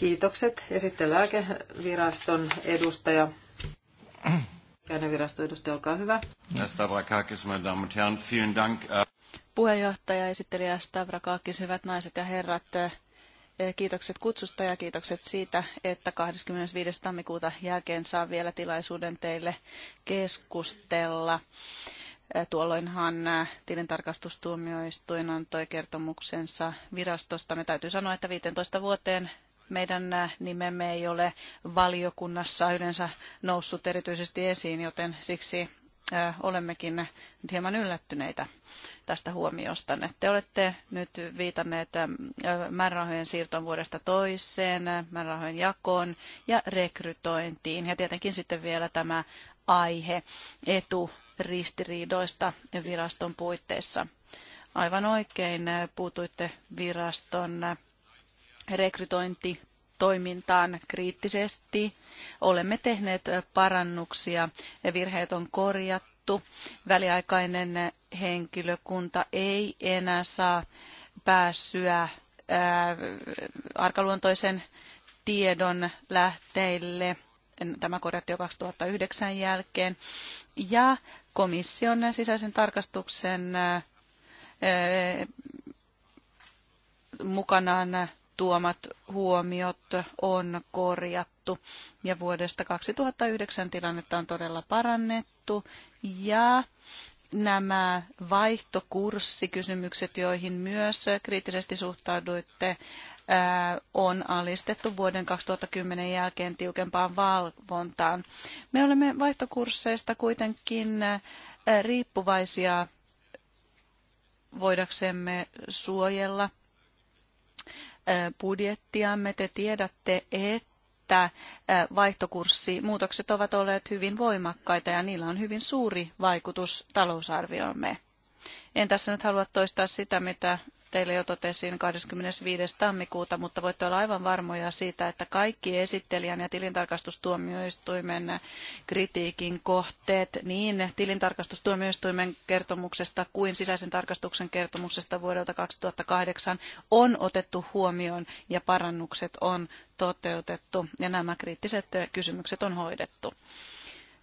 Kiitokset. Ja sitten lääkeviraston edustaja. Lääkeviraston edustaja, olkaa hyvä. Stavrakakis, meine Damen vielen Dank. Puheenjohtaja, esittelijä Stavrakakis, hyvät naiset ja herrat. Eh, kiitokset kutsusta ja kiitokset siitä, että 25. tammikuuta jälkeen saa vielä tilaisuuden teille keskustella. Eh, tuolloinhan eh, tilintarkastustuomioistuin antoi kertomuksensa virastosta. Me täytyy sanoa, että 15 vuoteen meidän äh, nimemme ei ole valiokunnassa yleensä noussut erityisesti esiin, joten siksi äh, olemmekin nyt hieman yllättyneitä tästä huomiosta. Te olette nyt viitanneet ähm, äh, määrärahojen siirtoon vuodesta toiseen, määrärahojen jakoon ja rekrytointiin. Ja tietenkin sitten vielä tämä aihe etu ristiriidoista viraston puitteissa. Aivan oikein puutuitte viraston rekrytointi toimintaan kriittisesti. Olemme tehneet parannuksia, virheet on korjattu. Väliaikainen henkilökunta ei enää saa pääsyä arkaluontoisen tiedon lähteille. Tämä korjattiin jo 2009 jälkeen. Ja komission sisäisen tarkastuksen mukanaan tuomat huomiot on korjattu. Ja vuodesta 2009 tilannetta on todella parannettu. Ja nämä vaihtokurssikysymykset, joihin myös kriittisesti suhtauduitte, on alistettu vuoden 2010 jälkeen tiukempaan valvontaan. Me olemme vaihtokursseista kuitenkin riippuvaisia voidaksemme suojella budjettiamme. Te tiedätte, että vaihtokurssimuutokset ovat olleet hyvin voimakkaita ja niillä on hyvin suuri vaikutus talousarvioomme. En tässä nyt halua toistaa sitä, mitä teille jo totesin 25. tammikuuta, mutta voitte olla aivan varmoja siitä, että kaikki esittelijän ja tilintarkastustuomioistuimen kritiikin kohteet niin tilintarkastustuomioistuimen kertomuksesta kuin sisäisen tarkastuksen kertomuksesta vuodelta 2008 on otettu huomioon ja parannukset on toteutettu ja nämä kriittiset kysymykset on hoidettu.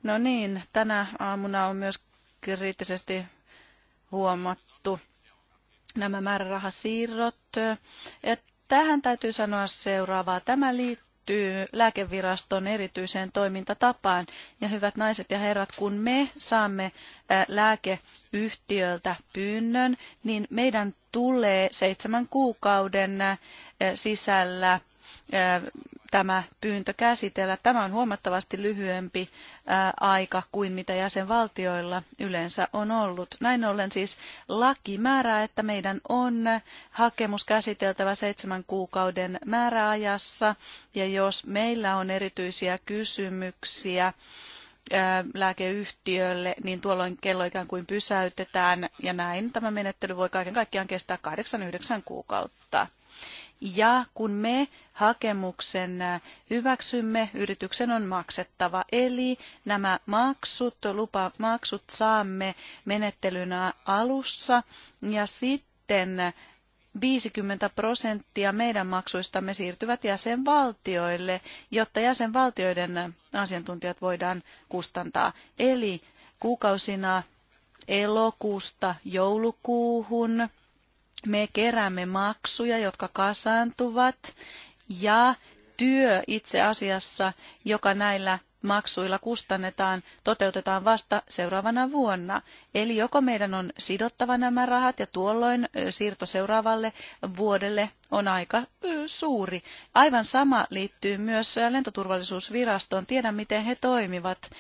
No niin, tänä aamuna on myös kriittisesti huomattu nämä määrärahasiirrot. Ja tähän täytyy sanoa seuraavaa. Tämä liittyy lääkeviraston erityiseen toimintatapaan. Ja hyvät naiset ja herrat, kun me saamme lääkeyhtiöltä pyynnön, niin meidän tulee seitsemän kuukauden sisällä tämä pyyntö käsitellä. Tämä on huomattavasti lyhyempi aika kuin mitä jäsenvaltioilla yleensä on ollut. Näin ollen siis laki määrää, että meidän on hakemus käsiteltävä seitsemän kuukauden määräajassa ja jos meillä on erityisiä kysymyksiä, lääkeyhtiölle, niin tuolloin kello ikään kuin pysäytetään ja näin. Tämä menettely voi kaiken kaikkiaan kestää 8-9 kuukautta ja kun me hakemuksen äh, hyväksymme, yrityksen on maksettava. Eli nämä maksut, lupamaksut saamme menettelynä alussa ja sitten 50 prosenttia meidän maksuistamme siirtyvät jäsenvaltioille, jotta jäsenvaltioiden asiantuntijat voidaan kustantaa. Eli kuukausina elokuusta joulukuuhun me keräämme maksuja, jotka kasaantuvat ja työ itse asiassa, joka näillä maksuilla kustannetaan, toteutetaan vasta seuraavana vuonna. Eli joko meidän on sidottava nämä rahat ja tuolloin siirto seuraavalle vuodelle on aika suuri. Aivan sama liittyy myös lentoturvallisuusvirastoon. Tiedän, miten he toimivat.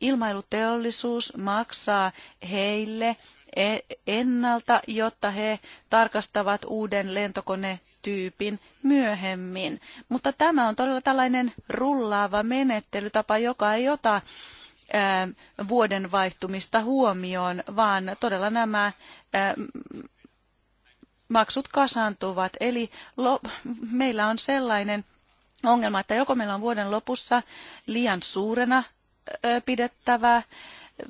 Ilmailuteollisuus maksaa heille E, ennalta, jotta he tarkastavat uuden lentokonetyypin myöhemmin. Mutta tämä on todella tällainen rullaava menettelytapa, joka ei ota vuoden vaihtumista huomioon, vaan todella nämä maksut kasantuvat. Eli meillä on sellainen ongelma, että joko meillä on vuoden lopussa liian suurena pidettävä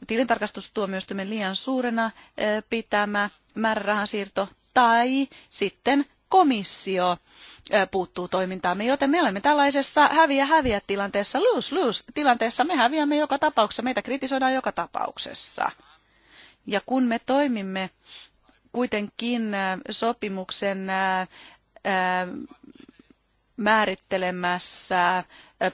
tilintarkastustuomioistuimen liian suurena pitämä määrärahansiirto tai sitten komissio puuttuu toimintaamme, joten me olemme tällaisessa häviä-häviä-tilanteessa, lose-lose-tilanteessa. Me häviämme joka tapauksessa, meitä kritisoidaan joka tapauksessa. Ja kun me toimimme kuitenkin sopimuksen määrittelemässä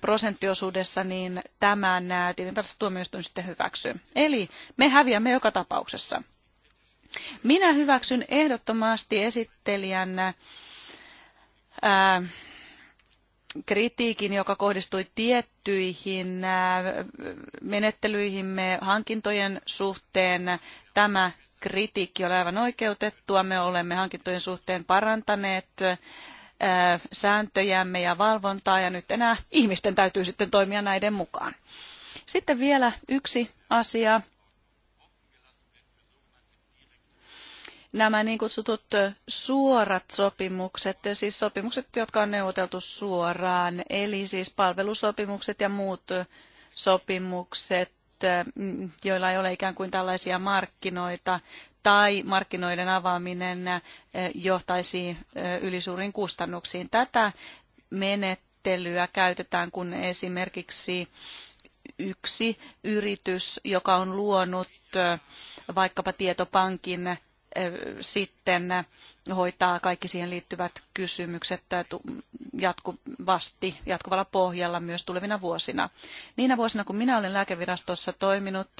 prosenttiosuudessa, niin tämän tilintarkastustuomioistuin sitten hyväksyy. Eli me häviämme joka tapauksessa. Minä hyväksyn ehdottomasti esittelijän ää, kritiikin, joka kohdistui tiettyihin menettelyihimme hankintojen suhteen. Tämä kritiikki on aivan oikeutettua. Me olemme hankintojen suhteen parantaneet sääntöjämme ja valvontaa ja nyt enää ihmisten täytyy sitten toimia näiden mukaan. Sitten vielä yksi asia. Nämä niin kutsutut suorat sopimukset, siis sopimukset, jotka on neuvoteltu suoraan, eli siis palvelusopimukset ja muut sopimukset, mm, joilla ei ole ikään kuin tällaisia markkinoita tai markkinoiden avaaminen johtaisi ylisuuriin kustannuksiin. Tätä menettelyä käytetään, kun esimerkiksi yksi yritys, joka on luonut vaikkapa tietopankin, sitten hoitaa kaikki siihen liittyvät kysymykset jatkuvasti, jatkuvalla pohjalla myös tulevina vuosina. Niinä vuosina, kun minä olen lääkevirastossa toiminut,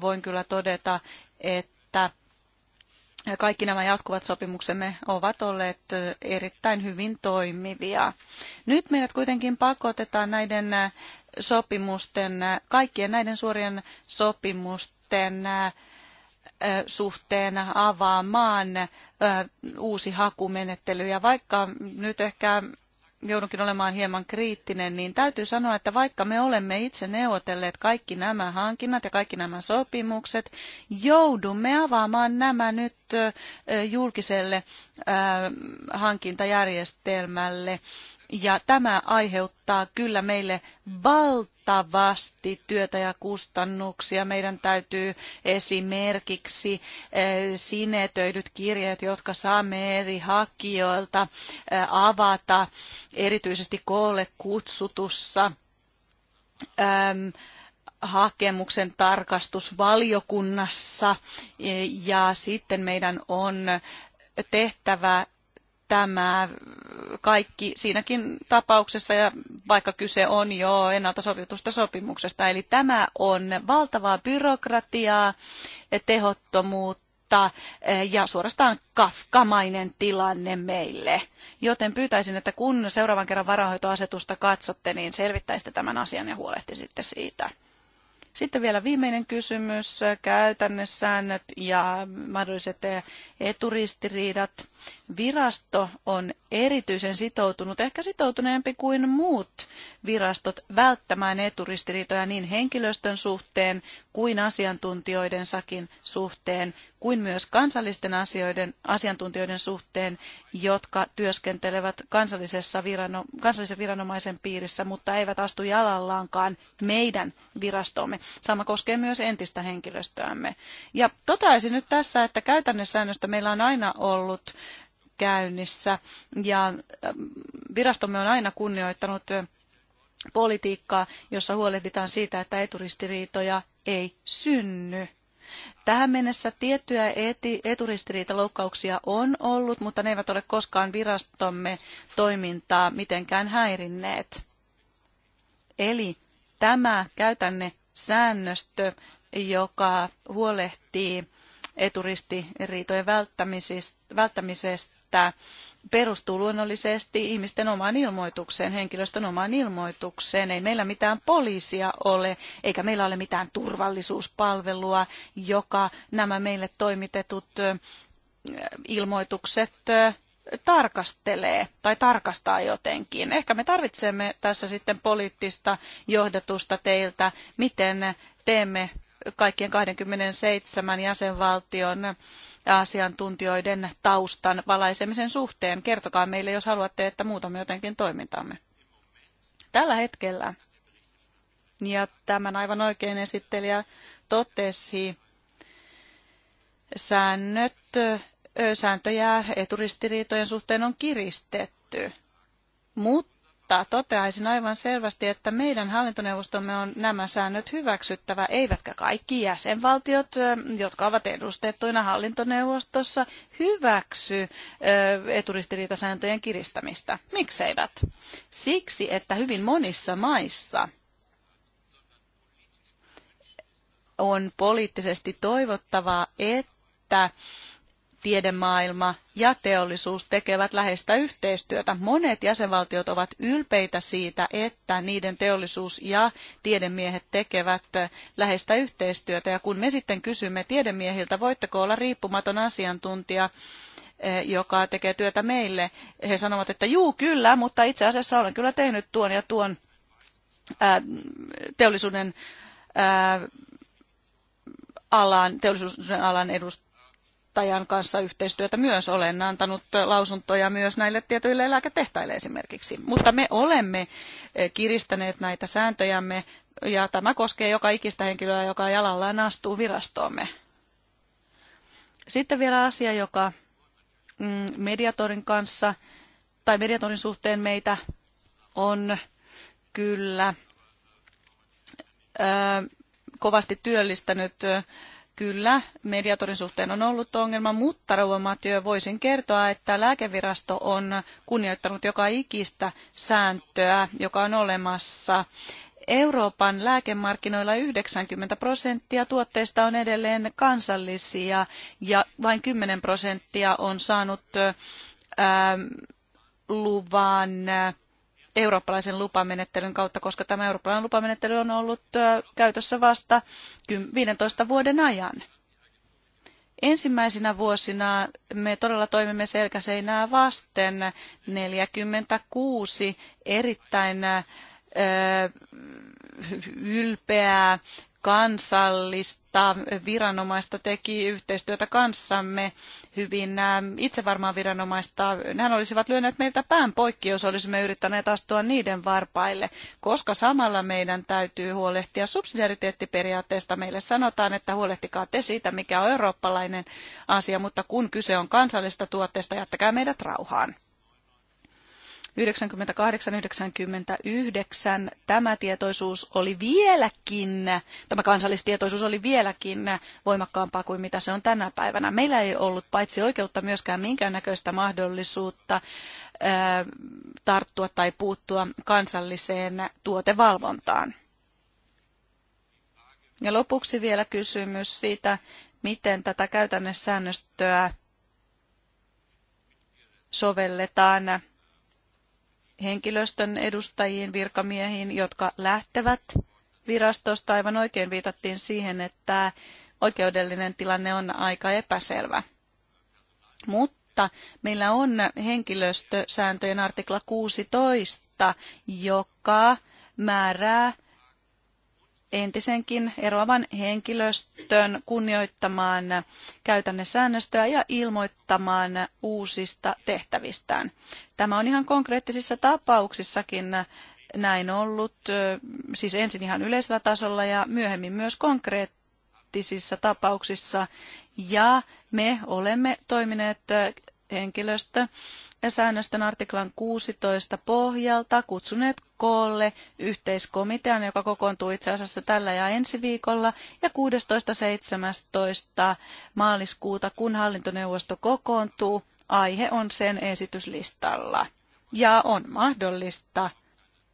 voin kyllä todeta, että kaikki nämä jatkuvat sopimuksemme ovat olleet erittäin hyvin toimivia. Nyt meidät kuitenkin pakotetaan näiden sopimusten, kaikkien näiden suorien sopimusten suhteen avaamaan uusi hakumenettely. Ja vaikka nyt ehkä joudunkin olemaan hieman kriittinen, niin täytyy sanoa, että vaikka me olemme itse neuvotelleet kaikki nämä hankinnat ja kaikki nämä sopimukset, joudumme avaamaan nämä nyt julkiselle hankintajärjestelmälle. Ja tämä aiheuttaa kyllä meille valtavasti työtä ja kustannuksia. Meidän täytyy esimerkiksi eh, sinetöidyt kirjeet, jotka saamme eri hakijoilta eh, avata, erityisesti koolle kutsutussa ehm, hakemuksen tarkastusvaliokunnassa ja sitten meidän on tehtävä tämä kaikki siinäkin tapauksessa, ja vaikka kyse on jo ennalta sovitusta sopimuksesta, eli tämä on valtavaa byrokratiaa, tehottomuutta eh, ja suorastaan kafkamainen tilanne meille. Joten pyytäisin, että kun seuraavan kerran varahoitoasetusta katsotte, niin selvittäisitte tämän asian ja huolehtisitte siitä. Sitten vielä viimeinen kysymys, käytännössäännöt ja mahdolliset eh, eturistiriidat Virasto on erityisen sitoutunut, ehkä sitoutuneempi kuin muut virastot, välttämään eturistiriitoja niin henkilöstön suhteen kuin asiantuntijoidensakin suhteen, kuin myös kansallisten asioiden, asiantuntijoiden suhteen, jotka työskentelevät kansallisessa virano, kansallisen viranomaisen piirissä, mutta eivät astu jalallaankaan meidän virastoomme. Sama koskee myös entistä henkilöstöämme. Ja totaisin nyt tässä, että käytännössäännöstä meillä on aina ollut käynnissä ja ähm, virastomme on aina kunnioittanut äh, politiikkaa, jossa huolehditaan siitä, että eturistiriitoja ei synny. Tähän mennessä tiettyjä eturistiriitaloukkauksia on ollut, mutta ne eivät ole koskaan virastomme toimintaa mitenkään häirinneet. Eli tämä käytänne säännöstö, joka huolehtii eturistiriitojen välttämisestä perustuu luonnollisesti ihmisten omaan ilmoitukseen, henkilöstön omaan ilmoitukseen. Ei meillä mitään poliisia ole, eikä meillä ole mitään turvallisuuspalvelua, joka nämä meille toimitetut ilmoitukset tarkastelee tai tarkastaa jotenkin. Ehkä me tarvitsemme tässä sitten poliittista johdatusta teiltä, miten teemme kaikkien 27 jäsenvaltion asiantuntijoiden taustan valaisemisen suhteen. Kertokaa meille, jos haluatte, että muutamme jotenkin toimintaamme. Tällä hetkellä, ja tämän aivan oikein esittelijä totesi, säännöt, sääntöjä eturistiriitojen suhteen on kiristetty, mutta mutta toteaisin aivan selvästi, että meidän hallintoneuvostomme on nämä säännöt hyväksyttävä, eivätkä kaikki jäsenvaltiot, jotka ovat edustettuina hallintoneuvostossa, hyväksy eturistiriitasääntöjen kiristämistä. Mikseivät? Siksi, että hyvin monissa maissa on poliittisesti toivottavaa, että että tiedemaailma ja teollisuus tekevät läheistä yhteistyötä. Monet jäsenvaltiot ovat ylpeitä siitä, että niiden teollisuus ja tiedemiehet tekevät läheistä yhteistyötä. Ja kun me sitten kysymme tiedemiehiltä, voitteko olla riippumaton asiantuntija, e, joka tekee työtä meille, he sanovat, että juu kyllä, mutta itse asiassa olen kyllä tehnyt tuon ja tuon ää, teollisuuden ää, alan, teollisuuden alan edustajia kuluttajan kanssa yhteistyötä myös. Olen antanut lausuntoja myös näille tietyille lääketehtaille esimerkiksi. Mutta me olemme eh, kiristäneet näitä sääntöjämme ja tämä koskee joka ikistä henkilöä, joka jalallaan astuu virastoomme. Sitten vielä asia, joka mm, mediatorin kanssa tai mediatorin suhteen meitä on kyllä eh, kovasti työllistänyt eh, Kyllä, mediatorin suhteen on ollut ongelma, mutta Rouva Mathieu, voisin kertoa, että lääkevirasto on kunnioittanut joka ikistä sääntöä, joka on olemassa. Euroopan lääkemarkkinoilla 90 prosenttia tuotteista on edelleen kansallisia ja vain 10 prosenttia on saanut ää, ähm, luvan ää, eurooppalaisen lupamenettelyn kautta, koska tämä eurooppalainen lupamenettely on ollut käytössä vasta 15 vuoden ajan. Ensimmäisinä vuosina me todella toimimme selkäseinää vasten 46 erittäin ylpeää kansallista viranomaista teki yhteistyötä kanssamme hyvin. Nämä itsevarmaa viranomaista, nehän olisivat lyöneet meiltä pään poikki, jos olisimme yrittäneet astua niiden varpaille, koska samalla meidän täytyy huolehtia subsidiariteettiperiaatteesta. Meille sanotaan, että huolehtikaa te siitä, mikä on eurooppalainen asia, mutta kun kyse on kansallista tuotteesta, jättäkää meidät rauhaan. 98-99 tämä tietoisuus oli vieläkin, tämä kansallistietoisuus oli vieläkin voimakkaampaa kuin mitä se on tänä päivänä. Meillä ei ollut paitsi oikeutta myöskään minkäännäköistä mahdollisuutta tarttua tai puuttua kansalliseen tuotevalvontaan. Ja lopuksi vielä kysymys siitä, miten tätä käytännössäännöstöä sovelletaan henkilöstön edustajiin, virkamiehiin, jotka lähtevät virastosta. Aivan oikein viitattiin siihen, että oikeudellinen tilanne on aika epäselvä. Mutta meillä on henkilöstösääntöjen artikla 16, joka määrää entisenkin eroavan henkilöstön kunnioittamaan säännöstöä ja ilmoittamaan uusista tehtävistään. Tämä on ihan konkreettisissa tapauksissakin näin ollut, siis ensin ihan yleisellä tasolla ja myöhemmin myös konkreettisissa tapauksissa. Ja me olemme toimineet henkilöstö säännöstön artiklan 16 pohjalta kutsuneet koolle yhteiskomitean, joka kokoontuu itse asiassa tällä ja ensi viikolla, ja 16.17. maaliskuuta, kun hallintoneuvosto kokoontuu, aihe on sen esityslistalla. Ja on mahdollista,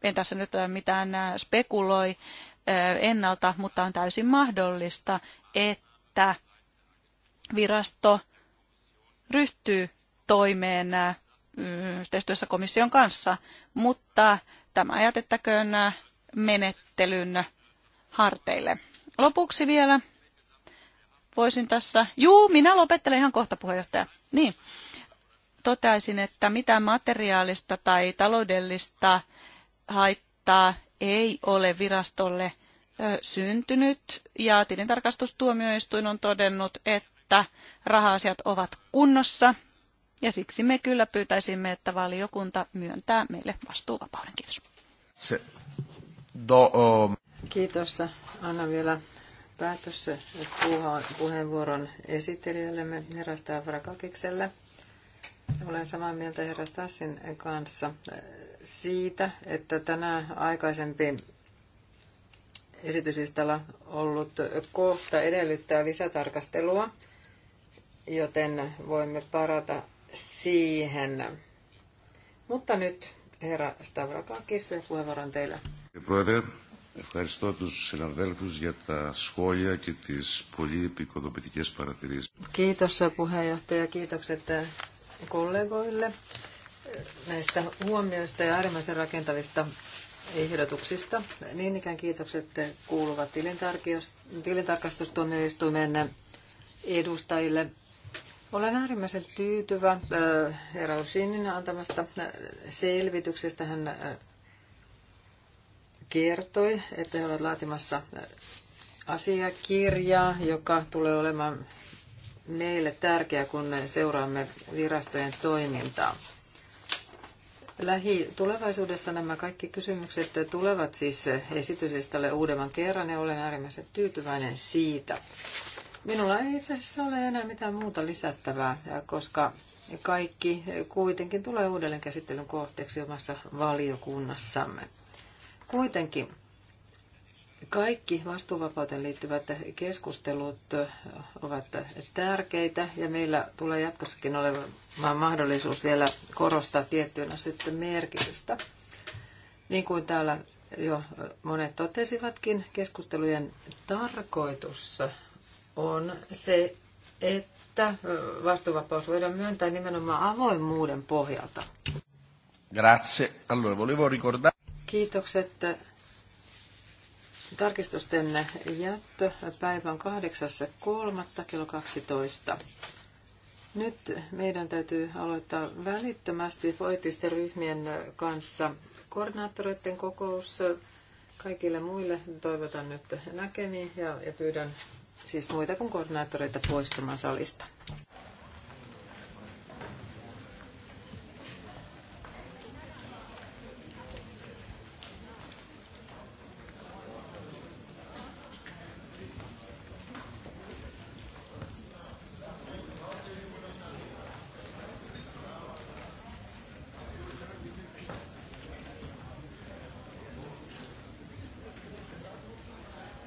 en tässä nyt äh, mitään äh, spekuloi äh, ennalta, mutta on täysin mahdollista, että virasto ryhtyy toimeen äh, yhteistyössä komission kanssa, mutta tämä jätettäköön äh, menettelyn harteille. Lopuksi vielä voisin tässä, juu, minä lopettelen ihan kohta puheenjohtaja. Niin, toteaisin, että mitään materiaalista tai taloudellista haittaa ei ole virastolle syntynyt ja tilintarkastustuomioistuin on todennut, että raha-asiat ovat kunnossa ja siksi me kyllä pyytäisimme, että valiokunta myöntää meille vastuuvapauden. Kiitos. Se, do, um. Kiitos. Anna vielä päätös puheenvuoron esittelijällemme herra Stavrakakikselle. Olen samaa mieltä herra Stassin kanssa eh, siitä, että tänä aikaisempi esityslistalla ollut kohta edellyttää lisätarkastelua, joten voimme parata, siihen. Mutta nyt herra Stavrakakis, puheenvuoro on teillä. ευχαριστώ τους συναδέλφους για τα σχόλια και τις πολύ επικοδοποιητικές παρατηρήσεις. Kiitos puheenjohtaja, kiitokset kollegoille näistä huomioista ja äärimmäisen rakentavista ehdotuksista. Niin ikään kiitokset kuuluvat tilintarkastustuomioistuimen edustajille olen äärimmäisen tyytyvä äh, herra Osinin antamasta äh, selvityksestä. Hän äh, kertoi, että he ovat laatimassa asiakirjaa, joka tulee olemaan meille tärkeä, kun seuraamme virastojen toimintaa. Lähi tulevaisuudessa nämä kaikki kysymykset tulevat siis esityslistalle uudemman kerran ja olen äärimmäisen tyytyväinen siitä. Minulla ei itse asiassa ole enää mitään muuta lisättävää, koska kaikki kuitenkin tulee uudelleen käsittelyn kohteeksi omassa valiokunnassamme. Kuitenkin kaikki vastuuvapauteen liittyvät keskustelut ovat tärkeitä ja meillä tulee jatkossakin olemaan mahdollisuus vielä korostaa tiettyyn asioiden merkitystä. Niin kuin täällä jo monet totesivatkin, keskustelujen tarkoitus on se, että vastuuvapaus voidaan myöntää nimenomaan avoimuuden pohjalta. Grazie. Allora, volevo ricordare... Kiitokset tarkistusten jättö päivän 8.3. kello 12. Nyt meidän täytyy aloittaa välittömästi poliittisten ryhmien kanssa koordinaattoreiden kokous. Kaikille muille toivotan nyt näkemiin ja, ja pyydän siis muita kuin koordinaattoreita poistumaan salista.